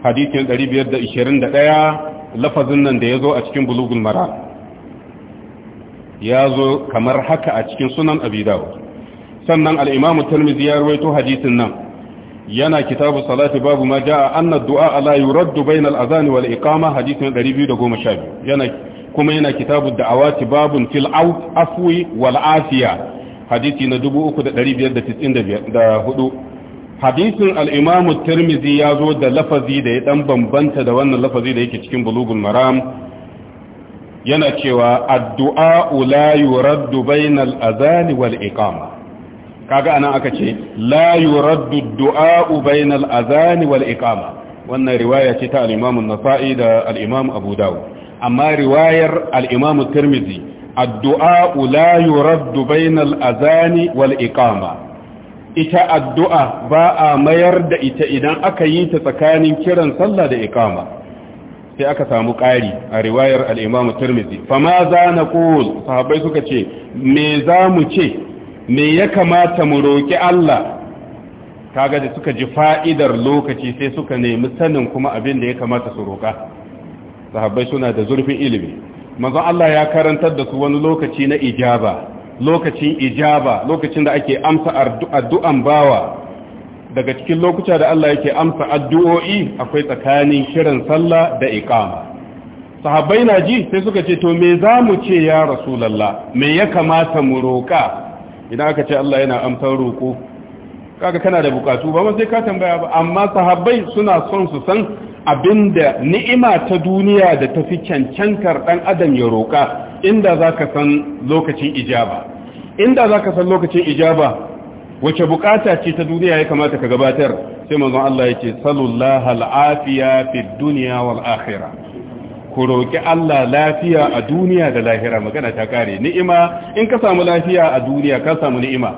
hadisin 521 lafazin nan da yazo a cikin bulugul maram ya zo kamar haka a cikin sunan Abidawa sannan al-imamu ya ruwaito hadisin nan yana kitabu salati babu ma jaa anna du'a la yuraddu bayna al wal iqama hadisin 212 kuma yana kitabu da'awati babun fil out afwi wal afiya hadisi na 3594 hadisin alimamu imamu ya zo da lafazi da ya dan bambanta da wannan lafazi da yake cikin bulugun maram yana cewa addu'a la yuraddu bainal azani wal iqama kaga anan aka ce la yuraddu du'a bainal azani wal iqama wannan riwaya ce ta al-Imam nasai da al Abu Dawud amma riwayar al-Imam Tirmidhi addu'a la yuraddu bainal azani wal iqama ita addu'a ba a mayar da ita idan aka yi ta tsakanin kiran sallah da iqama sai aka samu ƙari a riwayar al'imamu turmizi fama za na ƙul sahabai suka ce me za mu ce me ya kamata mu roƙi Allah kaga da suka ji fa'idar lokaci sai suka nemi sanin kuma abin da ya kamata su roƙa sahabai suna da zurfin ilimi mazan Allah ya karantar da su wani lokaci na ijaba lokacin ijaba lokacin da ake amsa addu'an bawa daga cikin lokuta da Allah yake amsa addu'o'i akwai tsakanin kiran sallah da iqama sahabbai na ji sai suka ce to me mu ce ya rasulullah me ya kamata mu roka idan aka ce Allah yana amsar roko kaga kana da bukatu ba sai ka tambaya ba amma sahabbai suna son su san abinda ni'ima ta duniya da tafi cancantar dan adam ya roka inda zaka san lokacin ijaba inda zaka san lokacin ijaba wace bukata ce ta duniya ya kamata ka gabatar sai manzon Allah yake sallallahu al'afiya fi dunya wal akhirah ku roki Allah lafiya a duniya da lahira magana ta kare ni'ima in ka samu lafiya a duniya ka samu ni'ima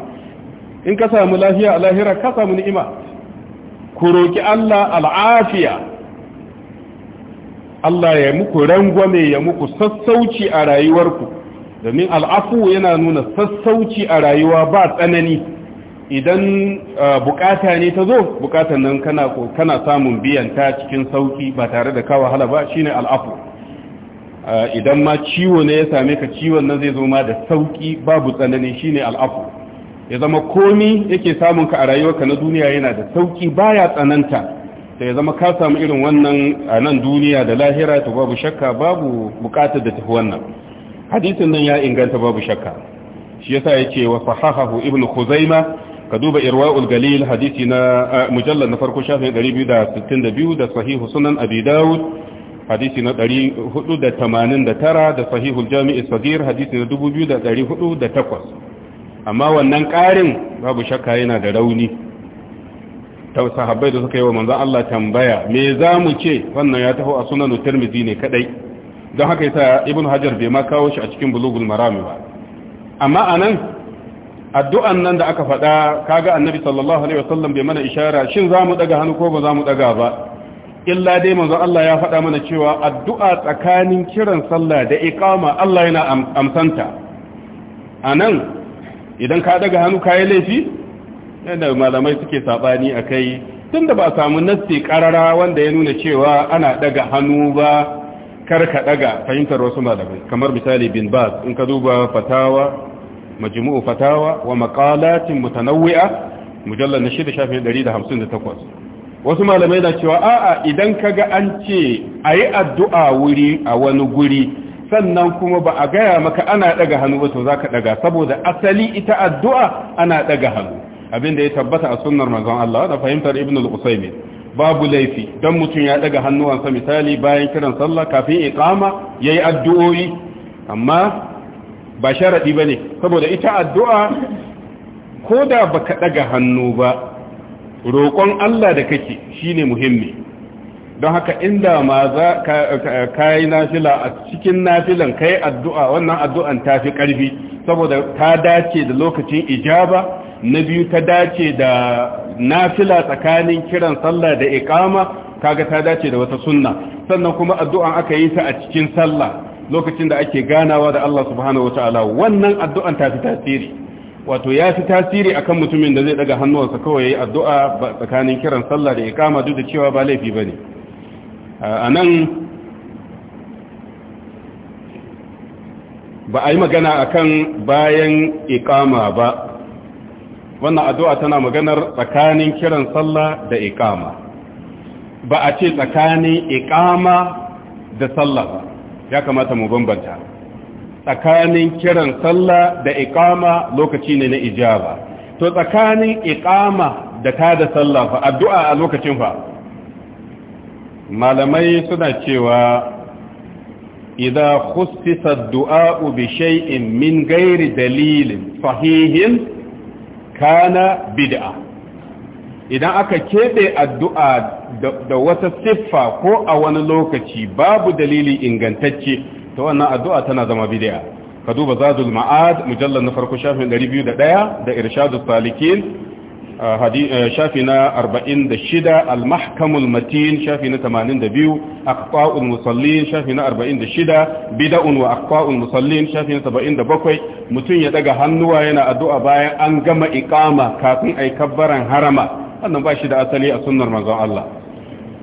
in ka samu lafiya a lahira ka samu ni'ima ku roki Allah al'afiya Allah ya muku rangwame ya muku sassauci a rayuwarku domin al'afu yana nuna sassauci a rayuwa ba tsanani idan uh, bukata ne ta zo bukatan nan kana samun biyan ta cikin sauki ba tare da kawo wahala ba shine al'afu uh, idan ma ciwo ne ya same ka ciwon nan zai zo ma da sauki babu tsanani shine al'afu ya zama komi yake samun ka a rayuwarka na duniya yana da sauki baya tsananta da ya zama ka samu irin wannan a nan duniya da lahira to babu shakka babu bukatar da tafi wannan hadisin nan ya inganta babu shakka shi yasa yake wa sahahu ibnu khuzaima ka duba irwa'ul galil hadisi na mujallar na farko shafin 262 da sahihu sunan abi dawud hadisi na 489 da sahihul jami'i sadir hadisi na 2408 amma wannan karin babu shakka yana da rauni ta sahabbai da suka yi wa manzan Allah tambaya me za mu ce wannan ya taho a sunan turmizi ne kadai don haka yasa ibn hajar bai ma kawo shi a cikin bulugul marami ba amma anan addu'an nan da aka faɗa kaga annabi sallallahu alaihi wasallam bai mana ishara shin za mu daga hannu ko ba za mu daga ba illa dai manzo Allah ya faɗa mana cewa addu'a tsakanin kiran sallah da iƙama Allah yana amsanta anan idan ka daga hannu yi laifi yadda malamai suke saɓani a kai, tunda ba a samu nasti karara wanda ya nuna cewa ana daga hannu ba kar ka ɗaga fahimtar wasu malamai kamar misali bin bas in ka duba fatawa majmu'u fatawa wa maqalatin mutanawwi'a mujallal na 6 shafi 158 wasu malamai na cewa a'a idan kaga an ce ayi addu'a wuri a wani guri sannan kuma ba a gaya maka ana daga hannu ba to zaka daga saboda asali ita addu'a ana daga hannu da ya tabbata a sunnar manzon Allah da fahimtar ibn al-usaymin babu laifi don mutum ya daga hannuwansa misali bayan kiran sallah kafin ya yi addu'o'i amma ba sharaɗi ba ne saboda ita addu'a ko da ba ka ɗaga hannu ba roƙon Allah da kake shine muhimmi don haka inda ma za ka yi nafila a cikin nafilan kai yi addu'a wannan addu'an ta fi karfi saboda ta dace da lokacin ijaba na biyu ta dace da nafila tsakanin kiran sallah da ikama kaga ta dace da wata sunna sannan kuma addu'an aka yi ta a cikin sallah lokacin da ake ganawa da Allah subhanahu ta'ala wannan addu'an ta fi tasiri wato ya fi tasiri akan mutumin da zai daga hannuwansa kawai yayi addu'a tsakanin kiran sallah da iqama duk da cewa ba laifi bane anan ba a yi magana akan bayan iqama ba wannan addu'a tana maganar tsakanin kiran sallah da iqama ba a ce tsakanin iqama da sallah ba ya kamata mu bambanta tsakanin kiran sallah da iqama lokaci ne na ijaba to tsakanin iqama da tada sallah fa addu'a a lokacin fa malamai suna cewa إذا du'a'u bi بشيء min غير دليل صحيح kana bida. idan aka keɓe addu'a da wata siffa ko a wani lokaci babu dalili ingantacce ta wannan addu'a tana zama bidiya ka duba zazul ma'ad mujallar na farko shafin 201 da irshadu salikin shafi na 46 al-mahkamul matin shafi na 82 Akwaul musallin shafi na 46 bida'un wa Akwaul musallin shafi na 77 mutum ya daga hannuwa yana addu'a bayan an gama ikama kafin a yi kabbaran harama wannan ba shi da asali a sunnar manzon Allah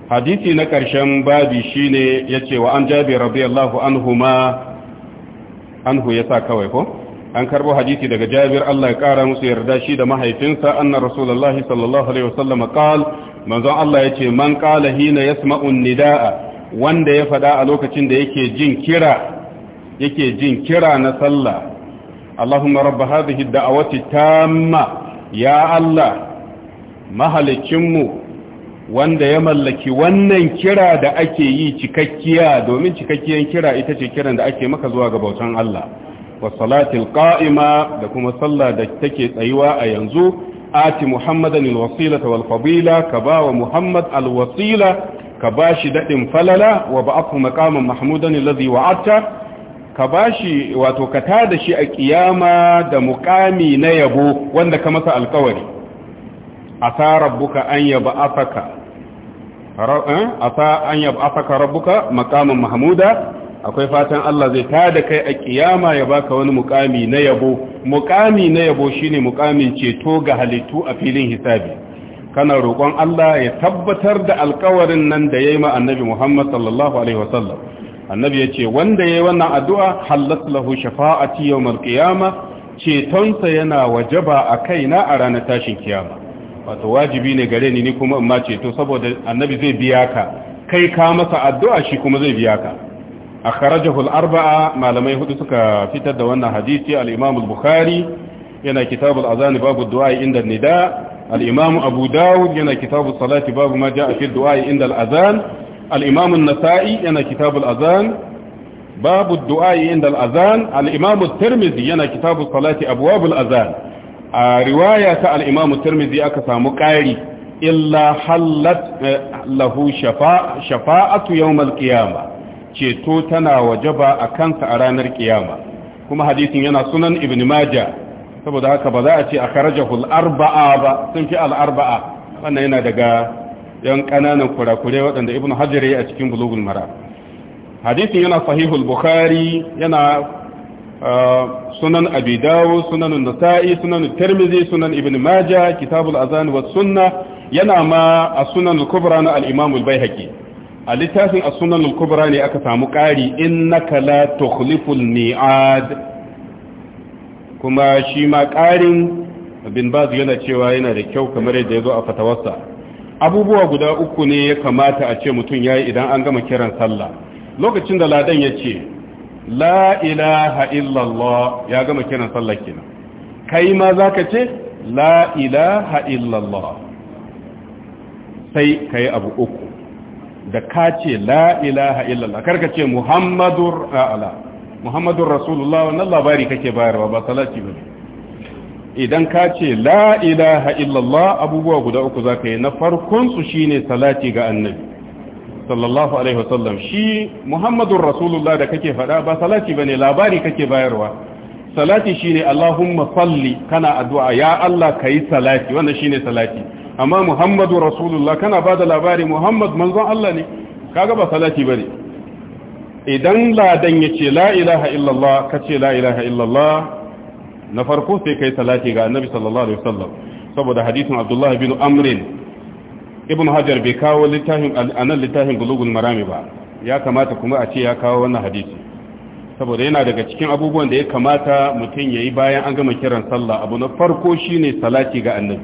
hadisi na ƙarshen babi shine yace wa an jabi radiyallahu anhuma anhu yasa kawai ko an karbo hadisi daga Jabir Allah ya kara musu yarda shi da mahaifinsa anna rasulullahi sallallahu alaihi wasallam qal manzon Allah yace man qala hina yasma'u nidaa wanda ya fada a lokacin da yake jin kira yake jin kira na sallah Allahumma rabb hadhihi ad-da'wati tamma ya Allah Mahalikinmu wanda ya mallaki wannan kira da ake yi cikakkiya domin cikakkiyar kira ita ce kiran da ake maka zuwa ga bautan Allah wa salatil qa'ima da kuma sallah da take tsayuwa a yanzu ati muhammadan Alwasilata wal fadila ka ba wa muhammad alwasila ka bashi dadin falala wa ba'athu maqaman mahmudan alladhi wa'ata ka bashi wato ka tada shi a kiyama da muqami na yabo wanda ka masa alƙawari asa rabbuka an yaba eh? asa an rabbuka maqaman mahmuda akwai fatan Allah zai tada kai a kiyama ya baka wani mukami na yabo mukami na yabo shine mukamin ceto ga halittu a filin hisabi kana roƙon Allah ya tabbatar da alƙawarin nan da yayi ma annabi Muhammad sallallahu alaihi wasallam annabi ce wanda yayi wannan addu'a halat lahu shafa'ati yawmal qiyamah cetonsa yana wajaba a kaina a ranar tashin kiyama wato wajibi ne gare ni ni kuma in ma ceto saboda annabi zai biya ka kai ka masa addu'a shi kuma zai biya ka akhrajahu al-arba'a malamai hudu suka fitar da wannan hadisi al-imam al-bukhari yana kitab al-azan babu du'a inda nida al-imam abu daud yana kitab as-salati babu ma ja'a fi du'a inda al-azan al-imam an-nasa'i yana kitab al-azan babu du'a inda al-azan al-imam at-tirmidhi yana kitab as-salati abwab al-azan a riwaya ta al-Imam Tirmidhi aka samu ƙari illa hallat eh, lahu shafa'atu yawm al-qiyama ceto tana wajaba a kansa a ranar kiyama kuma hadisin yana sunan Ibn maja saboda haka ba za a ce a al-arba'a ba sun fi al wannan yana daga yan kananan kurakure waɗanda Ibn Hajar ya a cikin Bulughul Mara hadisin yana sahihul Bukhari yana sunan abi dawo sunan nasa'i sunan tirmizi sunan ibn majah kitabul azan sunna yana ma a sunan al-kubra na al-imam al-baihaqi a littafin a sunan al-kubra ne aka samu ƙari innaka la tukhliful mi'ad kuma shi ma ƙarin bin baz yana cewa yana da kyau kamar yadda ya zo a fatawarsa abubuwa guda uku ne ya kamata a ce mutum yayi idan an gama kiran sallah lokacin da ladan ya ce la ilaha illallah ya gama kiran sallar kenan kai ma zaka ce la ilaha illallah sai kai abu uku da ka ce la ilaha illallah karka ce muhammadur ala muhammadur rasulullah wannan labari kake bayarwa ba salati ba idan ka ce la ilaha illallah abubuwa guda uku zaka yi na farkon su shine salati ga annabi sallallahu alaihi wasallam shi muhammadun rasulullah da kake faɗa ba salati bane labari kake bayarwa salati shine allahumma salli kana addu'a ya Allah kai salati wannan shine salati amma muhammadun rasulullah kana bada labari muhammad manzon Allah ne kaga ba salati bane idan ladan yace la ilaha illallah kace la ilaha illallah na farko sai kai salati ga annabi sallallahu alaihi wasallam saboda hadisin abdullah bin amrin ibn hajar bai kawo littafin anan littafin gulugun marami ba ya kamata kuma a ce ya kawo wannan hadisi saboda yana daga cikin abubuwan da ya kamata mutum ya yi bayan an gama kiran sallah abu na farko shine salati ga annabi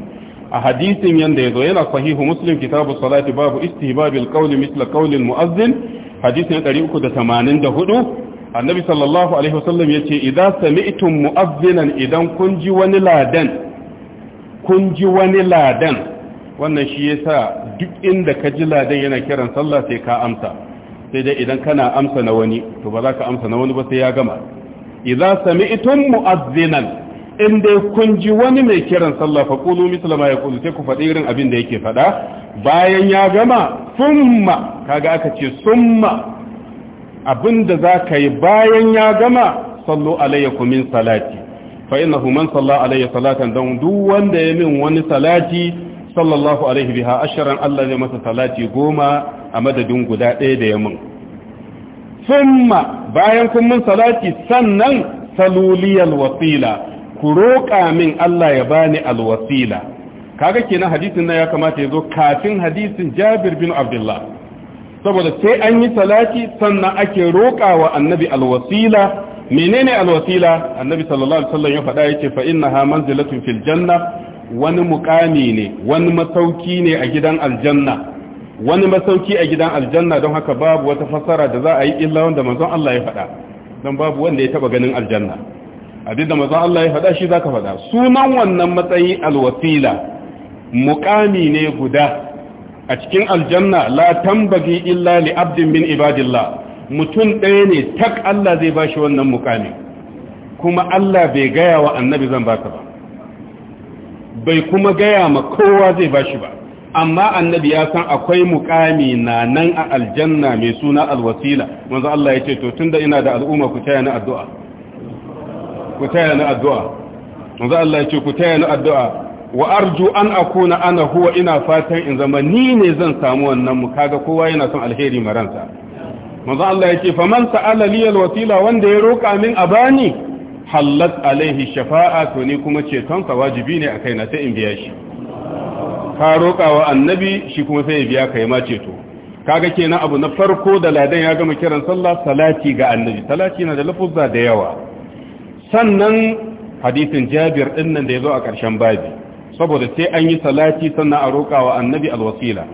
a hadisin yanda yazo yana sahihu muslim kitabu salati babu istihbabil qawli misla qawli muazzin hadisin 384 annabi sallallahu alaihi wasallam yace idza sami'tum muazzinan idan kun ji wani ladan kun ji wani ladan wannan shi yasa duk inda ka ji ladan yana kiran sallah sai ka amsa sai dai idan kana amsa na wani to ba za ka amsa na wani ba sai ya gama idza sami'tum mu'azzinan in dai kun ji wani mai kiran sallah fa qulu misla ma yaqulu sai ku faɗi irin abin da yake faɗa bayan ya gama summa kaga aka ce summa abinda za ka yi bayan ya gama sallu alayyakum min salati fa innahu man salla alayya salatan dan duk wanda ya min wani salati sallallahu alaihi biha ashirin Allah zai masa salati goma a madadin guda ɗaya da yamin summa bayan kun min salati sannan saluliyal wasila ku roƙa min Allah ya bani alwasila kaga kenan hadisin na ya kamata ya zo kafin hadisin Jabir bin Abdullah saboda sai an yi salati sannan ake roƙa wa annabi alwasila menene alwasila annabi sallallahu alaihi wasallam ya faɗa yace fa innaha manzilatun fil janna wani mukami ne wani masauki ne a gidan aljanna wani masauki a gidan aljanna don haka babu wata fassara da za a yi illa wanda mazan Allah ya faɗa don babu wanda ya taba ganin aljanna abin da manzon Allah ya faɗa shi za ka faɗa sunan wannan matsayi alwasila mukami ne guda a cikin aljanna la tambagi illa li abdin min ibadillah mutum ɗaya ne tak Allah zai ba shi wannan mukami kuma Allah bai gaya wa annabi zan baka ba bai kuma gaya ma kowa zai bashi ba amma annabi ya san akwai mukami na nan a aljanna mai suna alwasila wanzu Allah ya ce to tunda ina da al'umma ku taya addu'a ku taya addu'a wanzu Allah ya ce ku taya addu'a wa arju an akuna ana huwa ina fatan in zama ni ne zan samu wannan mu kaga kowa yana son alheri maransa manzo Allah ya ce faman sa'ala liyal wasila wanda ya roka min abani hallat alaihi shafa'a to ni kuma cetonsa wajibi ne a na sai in biya shi ka roƙa wa annabi shi kuma sai ya biya kai ma ceto kaga kenan abu na farko da ladan ya gama kiran sallah salati ga annabi salati na da lafuzza da yawa sannan hadisin jabir din nan da yazo a ƙarshen babi saboda sai an yi salati sannan a roƙa wa annabi alwasila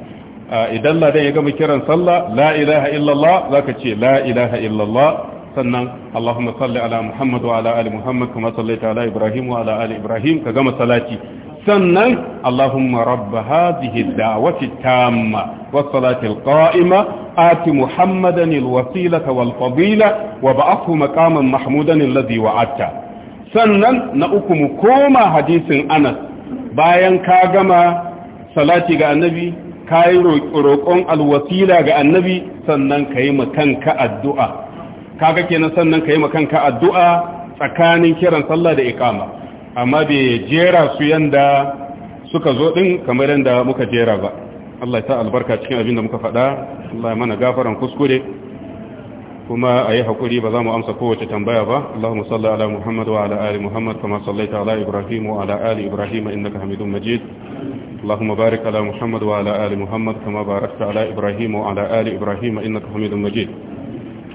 idan ladan ya gama kiran sallah la ilaha illallah zaka ce la ilaha illallah sannan Allahumma salli ala Muhammad wa ala ali Muhammad kama sallaita ala Ibrahim wa ala ali Ibrahim ka gama salati sannan Allahumma rabba hadhihi ad-da'wati tamma was salati al-qa'ima ati Muhammadan al-wasilata wal fadila wa ba'athu maqaman mahmudan alladhi wa'adta sannan na uku mu koma hadisin Anas bayan ka gama salati ga annabi ka yi roƙon alwasila ga annabi sannan ka yi ka addu'a kaga kenan sannan ka yi ma makanka addu'a tsakanin kiran sallah da ikama amma bai jera su yanda suka zo din kamar yanda muka jera ba Allah ya sa albarka cikin abin da muka faɗa Allah ya mana gafaran kuskure kuma a yi haƙuri ba za mu amsa kowace tambaya ba Allahumma salli ala Muhammad wa ala ali Muhammad kama sallaita ala Ibrahim wa ala ali Ibrahim innaka Hamidum Majid اللهم بارك على محمد وعلى آل محمد كما باركت على إبراهيم وعلى آل إبراهيم إنك حميد مجيد